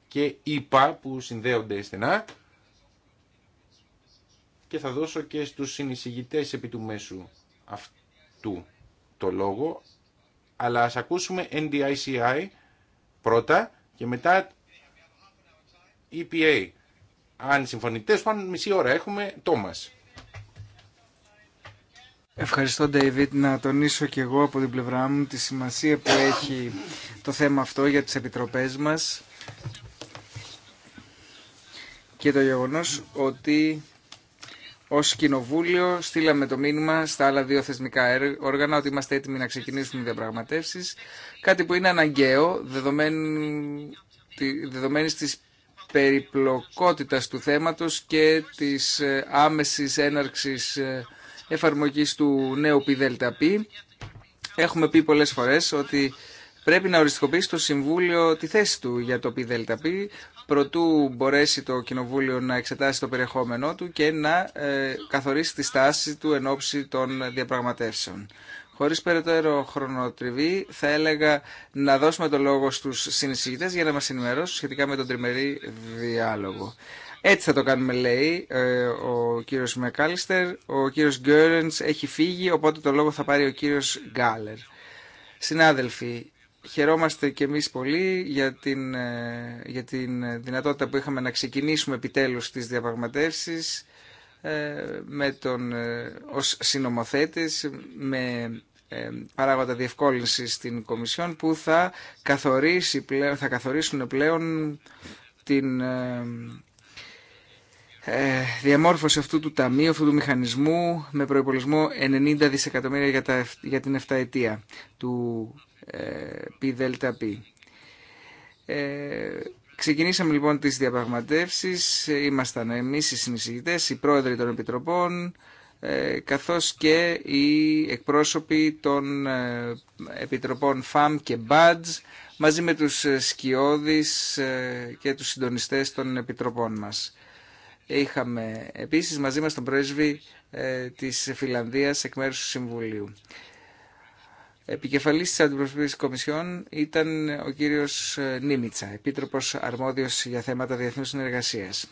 και ΙΠΑ που συνδέονται στενά και θα δώσω και στους συνεισηγητές επί του μέσου αυτού το λόγο, αλλά ας ακούσουμε NDICI πρώτα και μετά EPA. Αν συμφωνητές πάνω μισή ώρα έχουμε, Τόμας. Ευχαριστώ, David. Να τονίσω και εγώ από την πλευρά μου τη σημασία που έχει το θέμα αυτό για τις επιτροπές μας και το γεγονός ότι ως Κοινοβούλιο στείλαμε το μήνυμα στα άλλα δύο θεσμικά όργανα ότι είμαστε έτοιμοι να ξεκινήσουμε διαπραγματεύσεις, κάτι που είναι αναγκαίο δεδομένη της περιπλοκότητα του θέματος και τη ε, άμεση έναρξης ε, εφαρμογής του νέου ΠΔΠ. Έχουμε πει πολλέ φορέ ότι πρέπει να οριστικοποιήσει το Συμβούλιο τη θέση του για το ΠΔΠ προτού μπορέσει το Κοινοβούλιο να εξετάσει το περιεχόμενό του και να ε, καθορίσει τη στάση του εν ώψη των διαπραγματεύσεων. Χωρίς περαιτέρω χρονοτριβή θα έλεγα να δώσουμε το λόγο στους συνεισηγητές για να μας ενημερώσουν σχετικά με τον τριμερή διάλογο. Έτσι θα το κάνουμε λέει ε, ο κύριος Μεκάλιστερ, ο κύριος Γκέρενς έχει φύγει οπότε το λόγο θα πάρει ο κύριος Γκάλερ. Συνάδελφοι, Χαιρόμαστε και εμείς πολύ για την, ε, για την δυνατότητα που είχαμε να ξεκινήσουμε επιτέλους τις διαπραγματεύσεις ε, με τον, ε, ως συνομοθέτης, με παράγοντα διευκόλυνση στην Κομισιόν που θα, καθορίσει πλέον, θα καθορίσουν πλέον την διαμόρφωση αυτού του ταμείου, αυτού του μηχανισμού με προϋπολισμό 90 δισεκατομμύρια για, τα, για την 7 ετία του πι δελτα πι. Ε, ξεκινήσαμε λοιπόν τις διαπραγματεύσεις, ήμασταν εμείς οι συνεισηγητές, οι πρόεδροι των επιτροπών, ε, καθώς και οι εκπρόσωποι των ε, επιτροπών ΦΑΜ και ΜΠΑΤΖ, μαζί με τους σκιώδεις και τους συντονιστές των επιτροπών μας. Είχαμε επίσης μαζί μας τον πρέσβη της Φιλανδίας εκ μέρους του Συμβουλίου. Επικεφαλής της Αντιπροσωπής Κομισιόν ήταν ο κύριος ε, Νίμιτσα, Επίτροπος Αρμόδιος για θέματα διεθνούς συνεργασίας.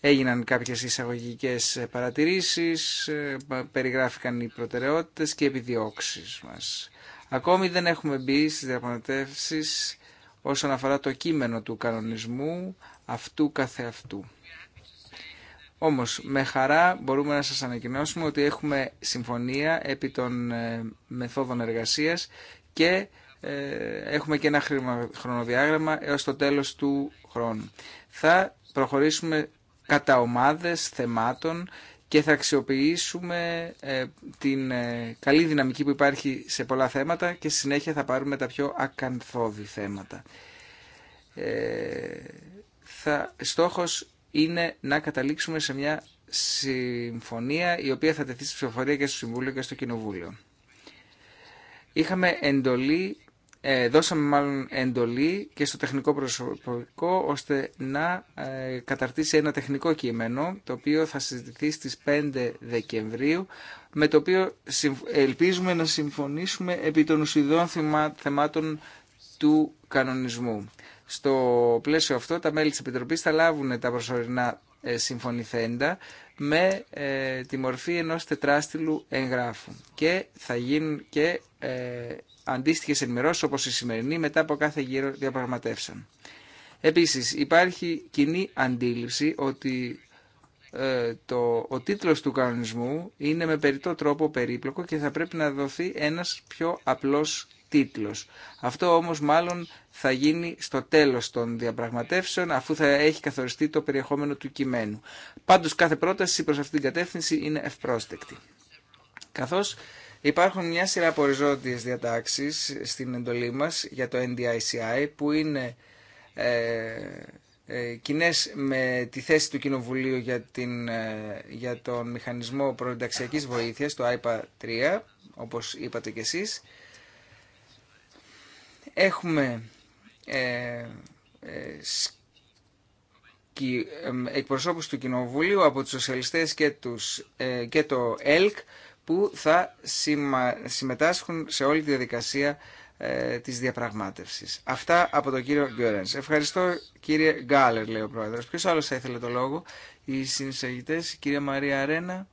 Έγιναν κάποιες εισαγωγικές παρατηρήσεις, ε, περιγράφηκαν οι προτεραιότητες και οι επιδιώξεις μας. Ακόμη δεν έχουμε μπει στις διαπραγματεύσεις όσον αφορά το κείμενο του κανονισμού αυτού καθεαυτού. Όμως με χαρά μπορούμε να σας ανακοινώσουμε ότι έχουμε συμφωνία επί των ε, μεθόδων εργασίας και ε, έχουμε και ένα χρονοδιάγραμμα έως το τέλος του χρόνου. Θα προχωρήσουμε κατά ομάδες θεμάτων και θα αξιοποιήσουμε ε, την καλή δυναμική που υπάρχει σε πολλά θέματα και στη συνέχεια θα πάρουμε τα πιο ακανθόδη θέματα. Θα, στόχος είναι να καταλήξουμε σε μια συμφωνία η οποία θα τεθεί στη ψηφοφορία και στο Συμβούλιο και στο Κοινοβούλιο. Είχαμε εντολή, ε, δώσαμε μάλλον εντολή και στο τεχνικό προσωπικό ώστε να ε, καταρτήσει ένα τεχνικό κείμενο το οποίο θα συζητηθεί στις 5 Δεκεμβρίου με το οποίο ελπίζουμε να συμφωνήσουμε επί των ουσιδών θεμάτων του κανονισμού. Στο πλαίσιο αυτό τα μέλη της Επιτροπής θα λάβουν τα προσωρινά ε, συμφωνηθέντα με ε, τη μορφή ενός τετράστιλου εγγράφου και θα γίνουν και ε, αντίστοιχες ενημερώσεις όπως η σημερινή μετά από κάθε γύρο διαπραγματεύσεων. Επίσης υπάρχει κοινή αντίληψη ότι ε, το, ο τίτλος του κανονισμού είναι με περιττό τρόπο περίπλοκο και θα πρέπει να δοθεί ένας πιο απλός τίτλος. Αυτό όμως μάλλον θα γίνει στο τέλος των διαπραγματεύσεων αφού θα έχει καθοριστεί το περιεχόμενο του κειμένου. Πάντως κάθε πρόταση προς αυτήν την κατεύθυνση είναι ευπρόσδεκτη. Καθώς υπάρχουν μια σειρά από οριζόντιες διατάξεις στην εντολή μας για το NDICI που είναι ε, ε κοινέ με τη θέση του Κοινοβουλίου για, την, ε, για τον μηχανισμό προενταξιακής βοήθειας, το IPA 3, όπως είπατε κι εσείς, Έχουμε ε, ε, εκπροσώπους του Κοινοβουλίου από τους Σοσιαλιστές και, τους, ε, και το ΕΛΚ που θα συμμετάσχουν σε όλη τη διαδικασία ε, της διαπραγμάτευσης. Αυτά από τον κύριο Γκιόρενς. Ευχαριστώ κύριε Γκάλερ, λέει ο πρόεδρος. Ποιος άλλος θα ήθελε το λόγο. Οι συνεισαγητές, η κυρία Μαρία Αρένα.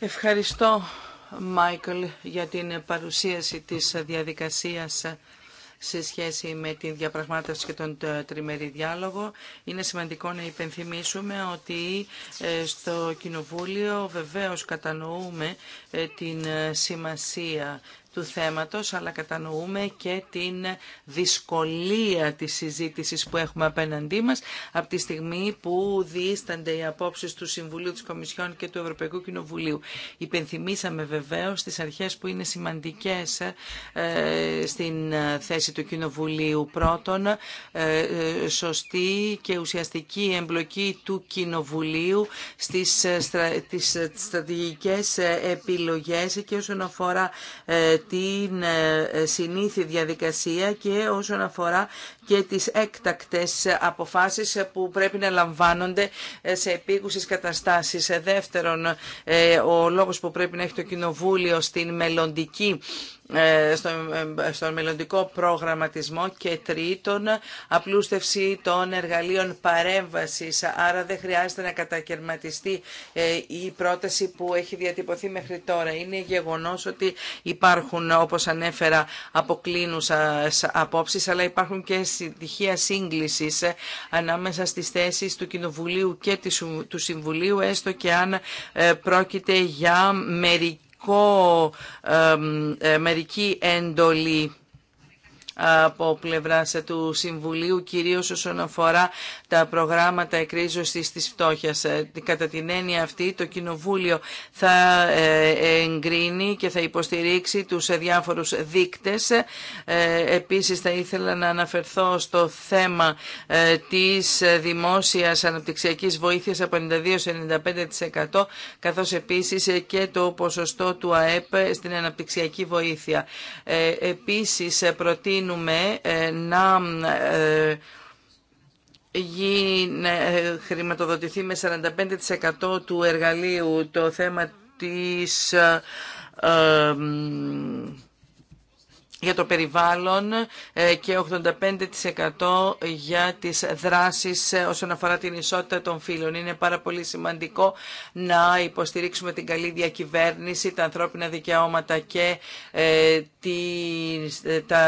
Ευχαριστώ Μάικλ για την παρουσίαση της διαδικασίας σε σχέση με την διαπραγμάτευση και τον τριμερή διάλογο. Είναι σημαντικό να υπενθυμίσουμε ότι ε, στο Κοινοβούλιο βεβαίως κατανοούμε ε, την ε, σημασία του θέματος, αλλά κατανοούμε και την δυσκολία της συζήτησης που έχουμε απέναντί μας από τη στιγμή που διήστανται οι απόψεις του Συμβουλίου της Κομισιόν και του Ευρωπαϊκού Κοινοβουλίου. Υπενθυμίσαμε βεβαίως τις αρχές που είναι σημαντικές ε, στην θέση του Κοινοβουλίου. Πρώτον, ε, ε, σωστή και ουσιαστική εμπλοκή του Κοινοβουλίου στις στρατηγικές επιλογές και όσον αφορά την ε, ε, συνήθη διαδικασία και όσον αφορά και τις έκτακτες αποφάσεις που πρέπει να λαμβάνονται ε, σε επίγουσες καταστάσεις. Δεύτερον, ο λόγος που πρέπει να έχει το Κοινοβούλιο στην μελλοντική ε, ε, στον μελλοντικό προγραμματισμό και τρίτον απλούστευση των εργαλείων παρέμβασης. Άρα δεν χρειάζεται να κατακαιρματιστεί ε, η πρόταση που έχει διατυπωθεί μέχρι τώρα. Είναι γεγονός ότι υπάρχουν όπως ανέφερα αποκλίνουσα απόψεις αλλά υπάρχουν και στοιχεία σύγκλησης ανάμεσα στις θέσεις του Κοινοβουλίου και του Συμβουλίου έστω και αν πρόκειται για μερική κο ε, μερική εντολή από πλευρά του Συμβουλίου, κυρίως όσον αφορά τα προγράμματα εκρίζωση της φτώχεια. Ε, κατά την έννοια αυτή, το Κοινοβούλιο θα ε, εγκρίνει και θα υποστηρίξει τους διάφορους δείκτε. Ε, επίσης, θα ήθελα να αναφερθώ στο θέμα της δημοσιας αναπτυξιακη αναπτυξιακής βοήθειας από 92-95%, καθώς επίσης και το ποσοστό του ΑΕΠ στην αναπτυξιακή βοήθεια. Επίσης, προτείνω προτείνουμε ε, να ε, ε, χρηματοδοτηθεί με 45% του εργαλείου το θέμα της για το περιβάλλον ε, και 85% για τις δράσεις ε, όσον αφορά την ισότητα των φύλων. Είναι πάρα πολύ σημαντικό να υποστηρίξουμε την καλή διακυβέρνηση, τα ανθρώπινα δικαιώματα και ε, τα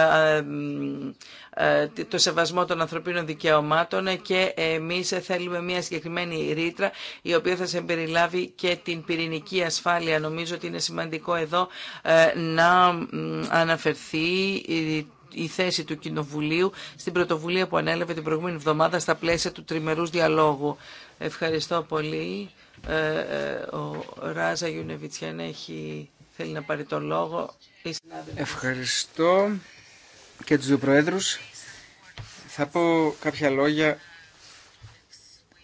ε, το σεβασμό των ανθρωπίνων δικαιωμάτων και εμείς θέλουμε μια συγκεκριμένη ρήτρα η οποία θα συμπεριλάβει και την πυρηνική ασφάλεια. Νομίζω ότι είναι σημαντικό εδώ ε, να αναφερθεί η θέση του Κοινοβουλίου στην πρωτοβουλία που ανέλαβε την προηγούμενη εβδομάδα στα πλαίσια του τριμερούς διαλόγου. Ευχαριστώ πολύ. Ε, ο Ράζα Γιουνεβιτσιάν έχει θέλει να πάρει το λόγο. Ευχαριστώ και τους δύο Προέδρους. Θα πω κάποια λόγια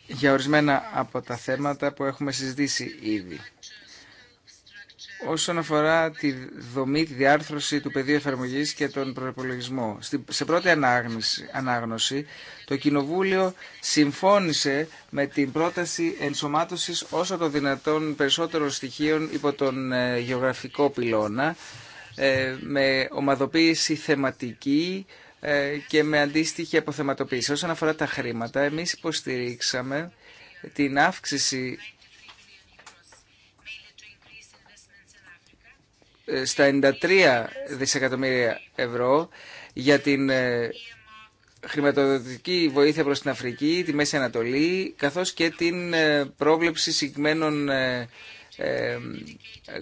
για ορισμένα από τα θέματα που έχουμε συζητήσει ήδη. Όσον αφορά τη δομή, τη διάρθρωση του πεδίου εφαρμογή και τον προπολογισμό. Σε πρώτη ανάγνωση, ανάγνωση, το Κοινοβούλιο συμφώνησε με την πρόταση ενσωμάτωσης όσο το δυνατόν περισσότερων στοιχείων υπό τον ε, γεωγραφικό πυλώνα ε, με ομαδοποίηση θεματική ε, και με αντίστοιχη αποθεματοποίηση. Όσον αφορά τα χρήματα, εμείς υποστηρίξαμε την αύξηση ε, στα 93 δισεκατομμύρια ευρώ για την χρηματοδοτική βοήθεια προς την Αφρική, τη Μέση Ανατολή, καθώς και την πρόβλεψη συγκεκριμένων ε,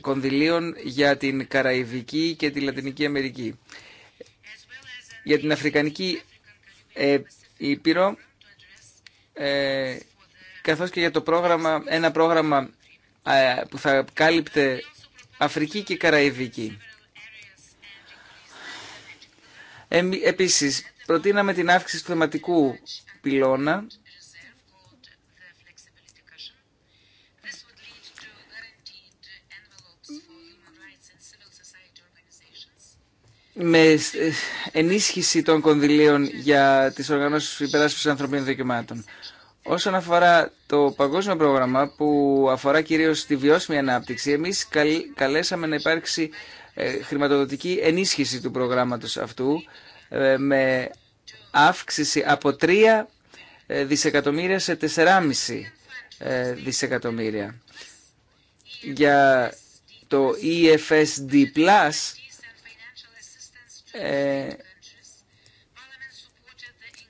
κονδυλίων για την Καραϊβική και τη Λατινική Αμερική. Για την Αφρικανική ε, Ήπειρο, ε, καθώς και για το πρόγραμμα, ένα πρόγραμμα που θα κάλυπτε Αφρική και Καραϊβική. Ε, επίσης, προτείναμε την αύξηση του θεματικού πυλώνα με ε, ενίσχυση των κονδυλίων για τις οργανώσεις υπεράσπισης ανθρωπίνων δικαιωμάτων. Όσον αφορά το παγκόσμιο πρόγραμμα που αφορά κυρίως τη βιώσιμη ανάπτυξη, εμείς καλέσαμε να υπάρξει ε, χρηματοδοτική ενίσχυση του προγράμματος αυτού ε, με αύξηση από 3 δισεκατομμύρια σε 4,5 δισεκατομμύρια. Για το EFSD ε,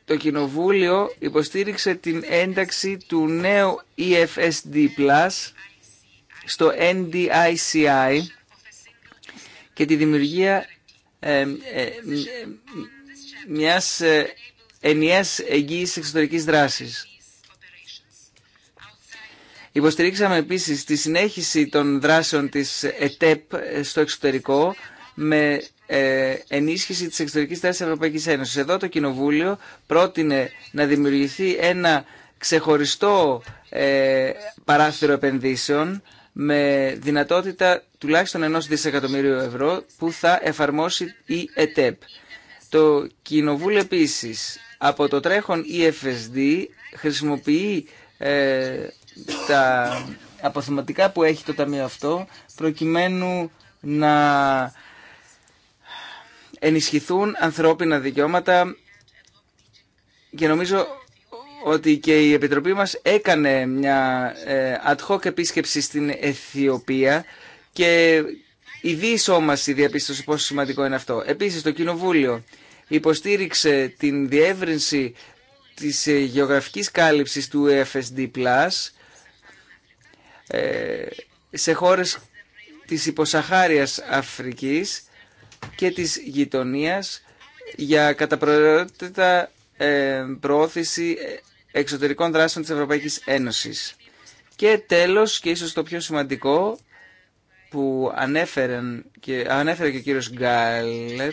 το Κοινοβούλιο υποστήριξε την ένταξη του νέου EFSD Plus στο NDICI και τη δημιουργία ε, ε, ε μιας ε, ενιαίας εγγύης εξωτερικής δράσης. Υποστηρίξαμε επίσης τη συνέχιση των δράσεων της ΕΤΕΠ στο εξωτερικό με ε, ενίσχυση της εξωτερικής τάσης της Ευρωπαϊκής Ένωσης. Εδώ το Κοινοβούλιο πρότεινε να δημιουργηθεί ένα ξεχωριστό ε, παράθυρο επενδύσεων με δυνατότητα τουλάχιστον ενός δισεκατομμύριου ευρώ που θα εφαρμόσει η ΕΤΕΠ. Το Κοινοβούλιο επίσης από το τρέχον EFSD χρησιμοποιεί ε, τα αποθεματικά που έχει το Ταμείο αυτό προκειμένου να ενισχυθούν ανθρώπινα δικαιώματα και νομίζω ότι και η Επιτροπή μας έκανε μια ε, ad hoc επίσκεψη στην Αιθιοπία και η διεισόμαση διαπίστωσε πόσο σημαντικό είναι αυτό. Επίσης το Κοινοβούλιο υποστήριξε την διεύρυνση της ε, γεωγραφικής κάλυψης του FSD EFSD+, ε, σε χώρες της υποσαχάριας Αφρικής και της γειτονίας για κατά προτεραιότητα ε, προώθηση εξωτερικών δράσεων της Ευρωπαϊκής Ένωσης. Και τέλος, και ίσως το πιο σημαντικό, που ανέφεραν και, ανέφερε και ο κύριος Γκάλερ,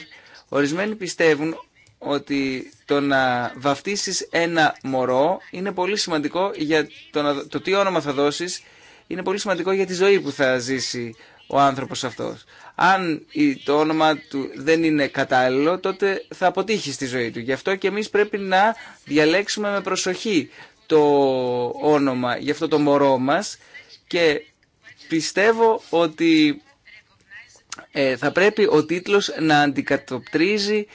ορισμένοι πιστεύουν ότι το να βαφτίσεις ένα μωρό είναι πολύ σημαντικό για το, το τι όνομα θα δώσεις, είναι πολύ σημαντικό για τη ζωή που θα ζήσει ο άνθρωπος αυτός. Αν το όνομα του δεν είναι κατάλληλο, τότε θα αποτύχει στη ζωή του. Γι' αυτό και εμείς πρέπει να διαλέξουμε με προσοχή το όνομα γι' αυτό το μωρό μας και πιστεύω ότι ε, θα πρέπει ο τίτλος να αντικατοπτρίζει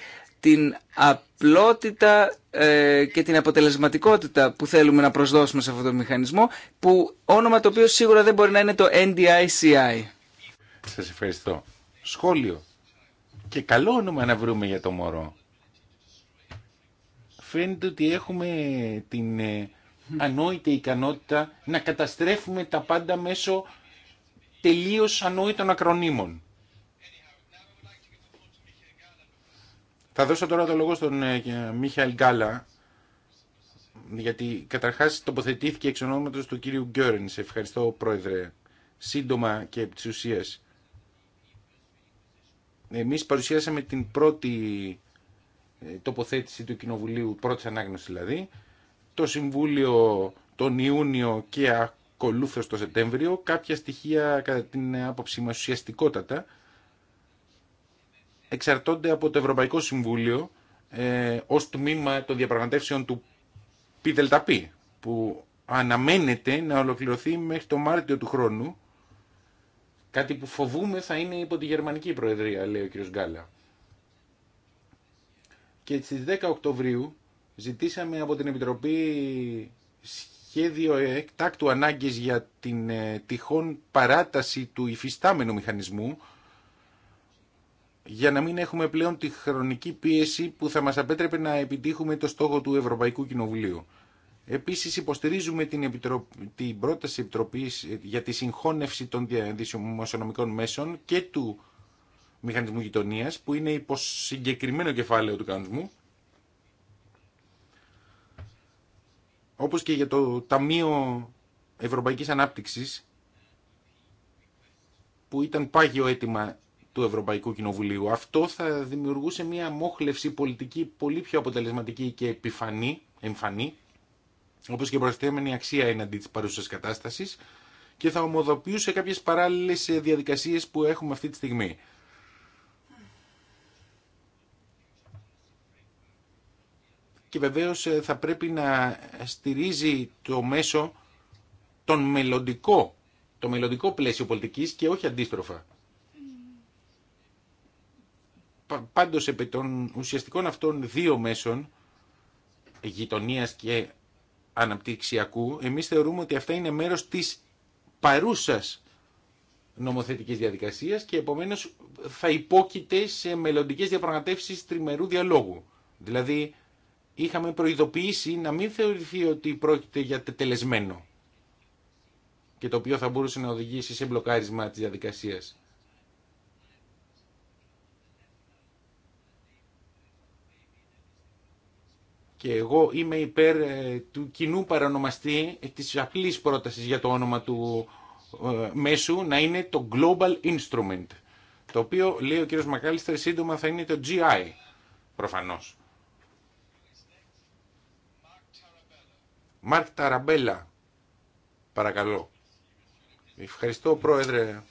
την απλότητα ε, και την αποτελεσματικότητα που θέλουμε να προσδώσουμε σε αυτό το μηχανισμό που όνομα το οποίο σίγουρα δεν μπορεί να είναι το NDICI. Σας ευχαριστώ. Σχόλιο. Και καλό όνομα να βρούμε για το μωρό. Φαίνεται ότι έχουμε την ε, ανόητη ικανότητα να καταστρέφουμε τα πάντα μέσω τελείως ανόητων ακρονίμων. Θα δώσω τώρα το λόγο στον ε, Μίχαλ Γκάλα, γιατί καταρχάς τοποθετήθηκε εξ ονόματος του κύριου Γκέρν. Σε ευχαριστώ πρόεδρε, σύντομα και επί της εμείς παρουσιάσαμε την πρώτη ε, τοποθέτηση του Κοινοβουλίου, Πρώτη ανάγνωση δηλαδή, το Συμβούλιο τον Ιούνιο και ακολούθως το Σεπτέμβριο, κάποια στοιχεία κατά την άποψή μας ουσιαστικότατα, εξαρτώνται από το Ευρωπαϊκό Συμβούλιο ε, ως τμήμα των διαπραγματεύσεων του ΠΔΠ, που αναμένεται να ολοκληρωθεί μέχρι το Μάρτιο του χρόνου Κάτι που φοβούμε θα είναι υπό τη Γερμανική Προεδρία, λέει ο κ. Γκάλα. Και στι 10 Οκτωβρίου ζητήσαμε από την Επιτροπή σχέδιο ε, εκτάκτου ανάγκης για την ε, τυχόν παράταση του υφιστάμενου μηχανισμού για να μην έχουμε πλέον τη χρονική πίεση που θα μας απέτρεπε να επιτύχουμε το στόχο του Ευρωπαϊκού Κοινοβουλίου. Επίση υποστηρίζουμε την, Επιτροπή, την πρόταση Επιτροπή για τη συγχώνευση των δημοσιονομικών μέσων και του μηχανισμού γειτονία, που είναι υπό συγκεκριμένο κεφάλαιο του κανονισμού, Όπω και για το Ταμείο Ευρωπαϊκή ανάπτυξη, που ήταν πάγιο αίτημα του Ευρωπαϊκού Κοινοβουλίου. Αυτό θα δημιουργούσε μια μόχλευση πολιτική πολύ πιο αποτελεσματική και επιφανή, εμφανή, όπως και προσθέμενη αξία έναντι τη παρούσα κατάστασης και θα ομοδοποιούσε κάποιες παράλληλες ε, διαδικασίες που έχουμε αυτή τη στιγμή. Και βεβαίω ε, θα πρέπει να στηρίζει το μέσο τον μελλοντικό, το μελλοντικό πλαίσιο πολιτική και όχι αντίστροφα. Πάντως επί των ουσιαστικών αυτών δύο μέσων, γειτονίας και αναπτυξιακού, εμείς θεωρούμε ότι αυτά είναι μέρος της παρούσας νομοθετικής διαδικασίας και επομένως θα υπόκειται σε μελλοντικέ διαπραγματεύσεις τριμερού διαλόγου. Δηλαδή είχαμε προειδοποιήσει να μην θεωρηθεί ότι πρόκειται για τετελεσμένο και το οποίο θα μπορούσε να οδηγήσει σε μπλοκάρισμα της διαδικασίας. και εγώ είμαι υπέρ ε, του κοινού παρανομαστή ε, της απλής πρότασης για το όνομα του ε, μέσου να είναι το Global Instrument το οποίο λέει ο κύριος Μακάλιστερ σύντομα θα είναι το GI προφανώς Μάρκ Ταραμπέλα παρακαλώ Ευχαριστώ πρόεδρε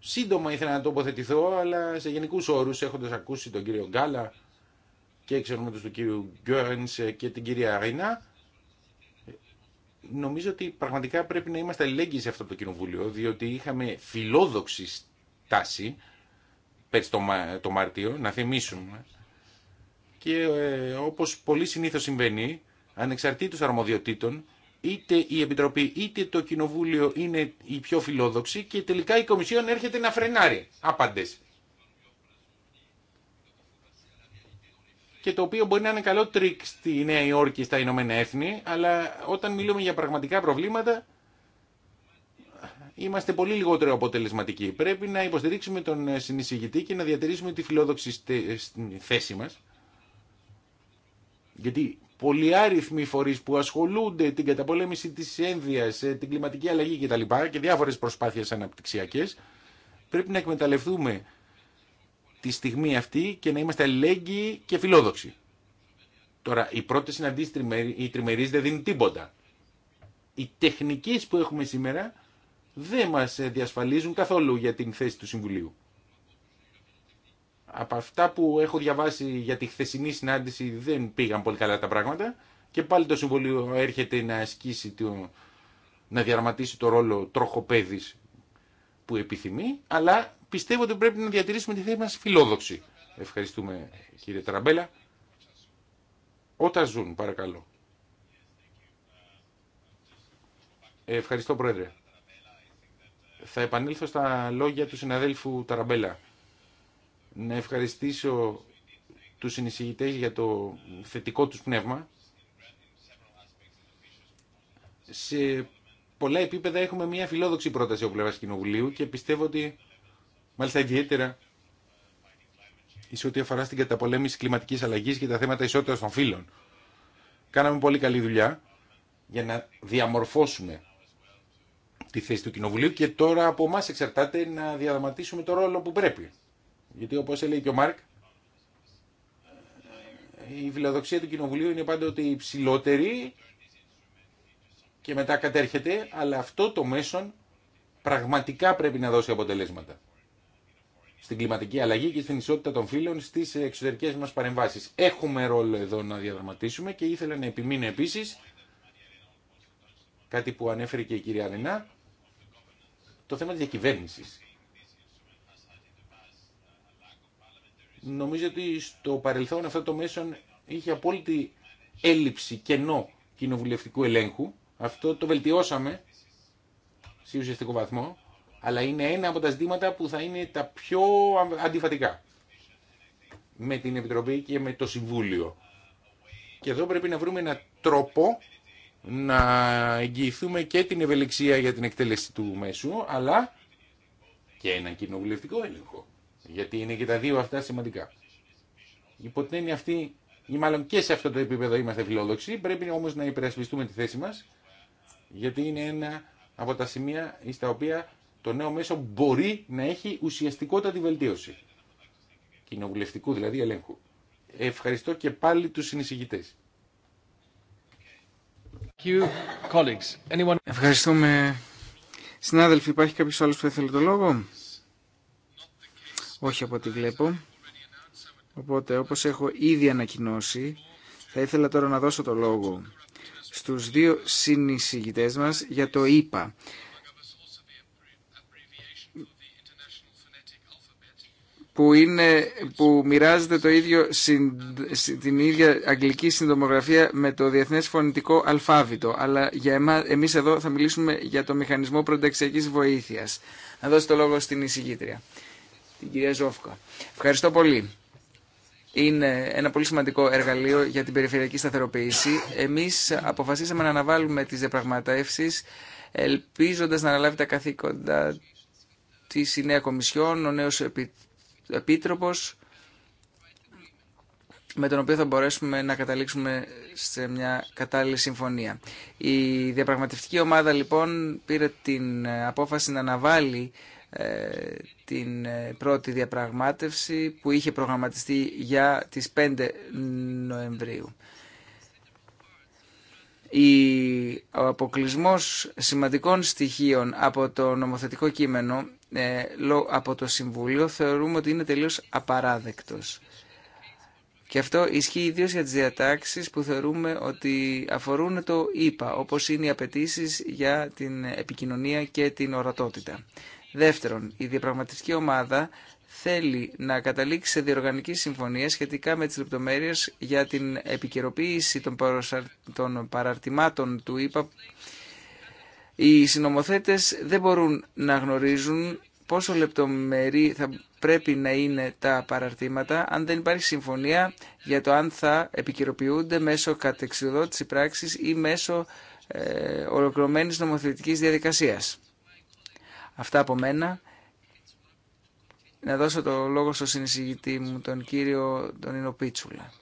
Σύντομα ήθελα να τοποθετηθώ αλλά σε γενικούς όρους έχοντας ακούσει τον κύριο Γκάλα και τους του κύριου Γκέρνς και την κυρία Ρίνα, νομίζω ότι πραγματικά πρέπει να είμαστε ελέγγυοι σε αυτό το κοινοβούλιο, διότι είχαμε φιλόδοξη στάση πέρσι το, το Μάρτιο, να θυμίσουμε. Και ε, όπως πολύ συνήθως συμβαίνει, ανεξαρτήτως αρμοδιοτήτων, είτε η Επιτροπή είτε το Κοινοβούλιο είναι η πιο φιλόδοξη και τελικά η Κομισιόν έρχεται να φρενάρει άπαντες. και το οποίο μπορεί να είναι καλό τρίκ στη Νέα Υόρκη στα Ηνωμένα Έθνη, αλλά όταν μιλούμε για πραγματικά προβλήματα είμαστε πολύ λιγότερο αποτελεσματικοί. Πρέπει να υποστηρίξουμε τον συνεισηγητή και να διατηρήσουμε τη φιλόδοξη θέση μας. Γιατί πολλοί άριθμοι φορείς που ασχολούνται την καταπολέμηση της ένδυας, ε, την κλιματική αλλαγή κτλ. και διάφορες προσπάθειες αναπτυξιακές, πρέπει να εκμεταλλευτούμε τη στιγμή αυτή και να είμαστε αλληλέγγυοι και φιλόδοξοι. Τώρα, η πρώτη συναντήση η δεν δίνει τίποτα. Οι τεχνικέ που έχουμε σήμερα δεν μας διασφαλίζουν καθόλου για την θέση του Συμβουλίου. Από αυτά που έχω διαβάσει για τη χθεσινή συνάντηση δεν πήγαν πολύ καλά τα πράγματα και πάλι το Συμβουλίο έρχεται να ασκήσει, το, να διαρματίσει το ρόλο τροχοπέδης που επιθυμεί, αλλά πιστεύω ότι πρέπει να διατηρήσουμε τη θέση μας φιλόδοξη. Ευχαριστούμε κύριε Ταραμπέλα. Όταν ζουν, παρακαλώ. Ε, ευχαριστώ Πρόεδρε. Θα επανέλθω στα λόγια του συναδέλφου Ταραμπέλα. Να ευχαριστήσω τους συνεισηγητές για το θετικό τους πνεύμα. Σε πολλά επίπεδα έχουμε μια φιλόδοξη πρόταση από πλευράς Κοινοβουλίου και πιστεύω ότι μάλιστα ιδιαίτερα σε ό,τι αφορά στην καταπολέμηση κλιματική αλλαγή και τα θέματα ισότητας των φύλων. Κάναμε πολύ καλή δουλειά για να διαμορφώσουμε τη θέση του Κοινοβουλίου και τώρα από εμά εξαρτάται να διαδραματίσουμε το ρόλο που πρέπει. Γιατί όπως έλεγε και ο Μάρκ, η φιλοδοξία του Κοινοβουλίου είναι πάντοτε η και μετά κατέρχεται, αλλά αυτό το μέσον πραγματικά πρέπει να δώσει αποτελέσματα στην κλιματική αλλαγή και στην ισότητα των φύλων στις εξωτερικές μας παρεμβάσεις. Έχουμε ρόλο εδώ να διαδραματίσουμε και ήθελα να επιμείνω επίση κάτι που ανέφερε και η κυρία Ρενά, το θέμα της διακυβέρνηση. Νομίζω ότι στο παρελθόν αυτό το μέσον είχε απόλυτη έλλειψη κενό κοινοβουλευτικού ελέγχου. Αυτό το βελτιώσαμε σε ουσιαστικό βαθμό αλλά είναι ένα από τα ζητήματα που θα είναι τα πιο αντιφατικά με την Επιτροπή και με το Συμβούλιο. Και εδώ πρέπει να βρούμε έναν τρόπο να εγγυηθούμε και την ευελιξία για την εκτέλεση του μέσου, αλλά και έναν κοινοβουλευτικό έλεγχο. Γιατί είναι και τα δύο αυτά σημαντικά. Υπό την έννοια αυτή, ή μάλλον και σε αυτό το επίπεδο είμαστε φιλόδοξοι, πρέπει όμως να υπερασπιστούμε τη θέση μας, γιατί είναι ένα από τα σημεία στα οποία το νέο μέσο μπορεί να έχει ουσιαστικότατη βελτίωση. Κοινοβουλευτικού δηλαδή ελέγχου. Ευχαριστώ και πάλι τους συνεισηγητές. Ευχαριστούμε. Συνάδελφοι, υπάρχει κάποιος άλλος που θέλει το λόγο? Όχι από ό,τι βλέπω. Οπότε, όπως έχω ήδη ανακοινώσει, θα ήθελα τώρα να δώσω το λόγο στους δύο συνεισηγητές μας για το ΙΠΑ. που, είναι, που μοιράζεται το ίδιο, την ίδια αγγλική συντομογραφία με το διεθνές φωνητικό αλφάβητο. Αλλά για εμά, εμείς εδώ θα μιλήσουμε για το μηχανισμό προνταξιακής βοήθειας. Να δώσω το λόγο στην εισηγήτρια, την κυρία Ζόφκα. Ευχαριστώ πολύ. Είναι ένα πολύ σημαντικό εργαλείο για την περιφερειακή σταθεροποίηση. Εμείς αποφασίσαμε να αναβάλουμε τις διαπραγματεύσεις ελπίζοντας να αναλάβει τα καθήκοντα της η νέα Κομισιόν, ο νέος επίτροπος με τον οποίο θα μπορέσουμε να καταλήξουμε σε μια κατάλληλη συμφωνία. Η διαπραγματευτική ομάδα λοιπόν πήρε την ε, απόφαση να αναβάλει ε, την ε, πρώτη διαπραγμάτευση που είχε προγραμματιστεί για τις 5 Νοεμβρίου. Ο αποκλεισμός σημαντικών στοιχείων από το νομοθετικό κείμενο ε, από το Συμβούλιο θεωρούμε ότι είναι τελείως απαράδεκτος. Και αυτό ισχύει ιδίω για τις διατάξεις που θεωρούμε ότι αφορούν το ΙΠΑ, όπως είναι οι απαιτήσει για την επικοινωνία και την ορατότητα. Δεύτερον, η διαπραγματευτική ομάδα θέλει να καταλήξει σε διοργανική συμφωνία σχετικά με τις λεπτομέρειες για την επικαιροποίηση των παραρτημάτων του ΙΠΑ οι συνομοθέτες δεν μπορούν να γνωρίζουν πόσο λεπτομερή θα πρέπει να είναι τα παραρτήματα αν δεν υπάρχει συμφωνία για το αν θα επικυροποιούνται μέσω κατεξουδότηση πράξης ή μέσω ε, ολοκληρωμένης νομοθετικής διαδικασίας. Αυτά από μένα. Να δώσω το λόγο στο συνεισηγητή μου, τον κύριο τον Πίτσουλα.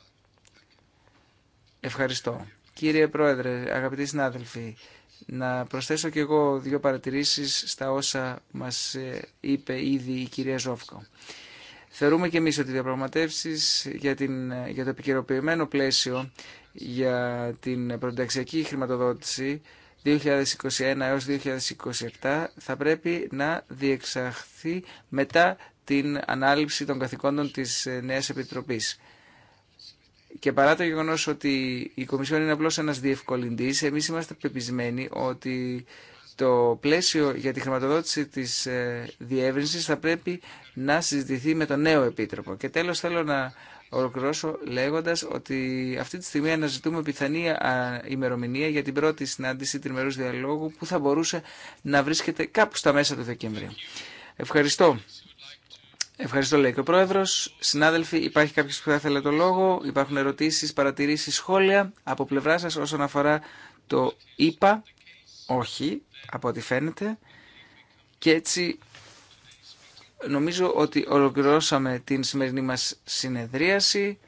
Ευχαριστώ. Κύριε Πρόεδρε, αγαπητοί συνάδελφοι, να προσθέσω και εγώ δύο παρατηρήσεις στα όσα μας ε, είπε ήδη η κυρία Ζόφκο. Θεωρούμε και εμείς ότι οι διαπραγματεύσεις για, την, για το επικαιροποιημένο πλαίσιο για την πρωταξιακή χρηματοδότηση 2021 έως 2027 θα πρέπει να διεξαχθεί μετά την ανάληψη των καθηκόντων της ε, νέας Επιτροπής. Και παρά το γεγονό ότι η Κομισιόν είναι απλώ ένα διευκολυντή, εμεί είμαστε πεπισμένοι ότι το πλαίσιο για τη χρηματοδότηση τη ε, διεύρυνση θα πρέπει να συζητηθεί με τον νέο Επίτροπο. Και τέλο θέλω να ολοκληρώσω λέγοντα ότι αυτή τη στιγμή αναζητούμε πιθανή ημερομηνία για την πρώτη συνάντηση τριμερού διαλόγου που θα μπορούσε να βρίσκεται κάπου στα μέσα του Δεκεμβρίου. Ευχαριστώ. Ευχαριστώ, λέει και ο Πρόεδρο. Συνάδελφοι, υπάρχει κάποιο που θα ήθελε το λόγο. Υπάρχουν ερωτήσει, παρατηρήσει, σχόλια από πλευρά σα όσον αφορά το είπα. Όχι, από ό,τι φαίνεται. Και έτσι νομίζω ότι ολοκληρώσαμε την σημερινή μας συνεδρίαση.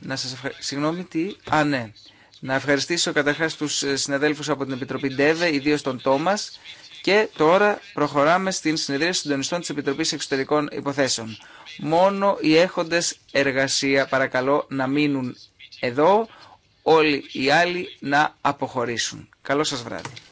Να σας ευχαριστήσω. Συγγνώμη, τι. Α, ναι. Να ευχαριστήσω καταρχάς τους συναδέλφους από την Επιτροπή ΝΤΕΒΕ, ιδίως τον Τόμας και τώρα προχωράμε στην συνεδρία συντονιστών της Επιτροπής Εξωτερικών Υποθέσεων. Μόνο οι έχοντες εργασία παρακαλώ να μείνουν εδώ, όλοι οι άλλοι να αποχωρήσουν. Καλό σας βράδυ.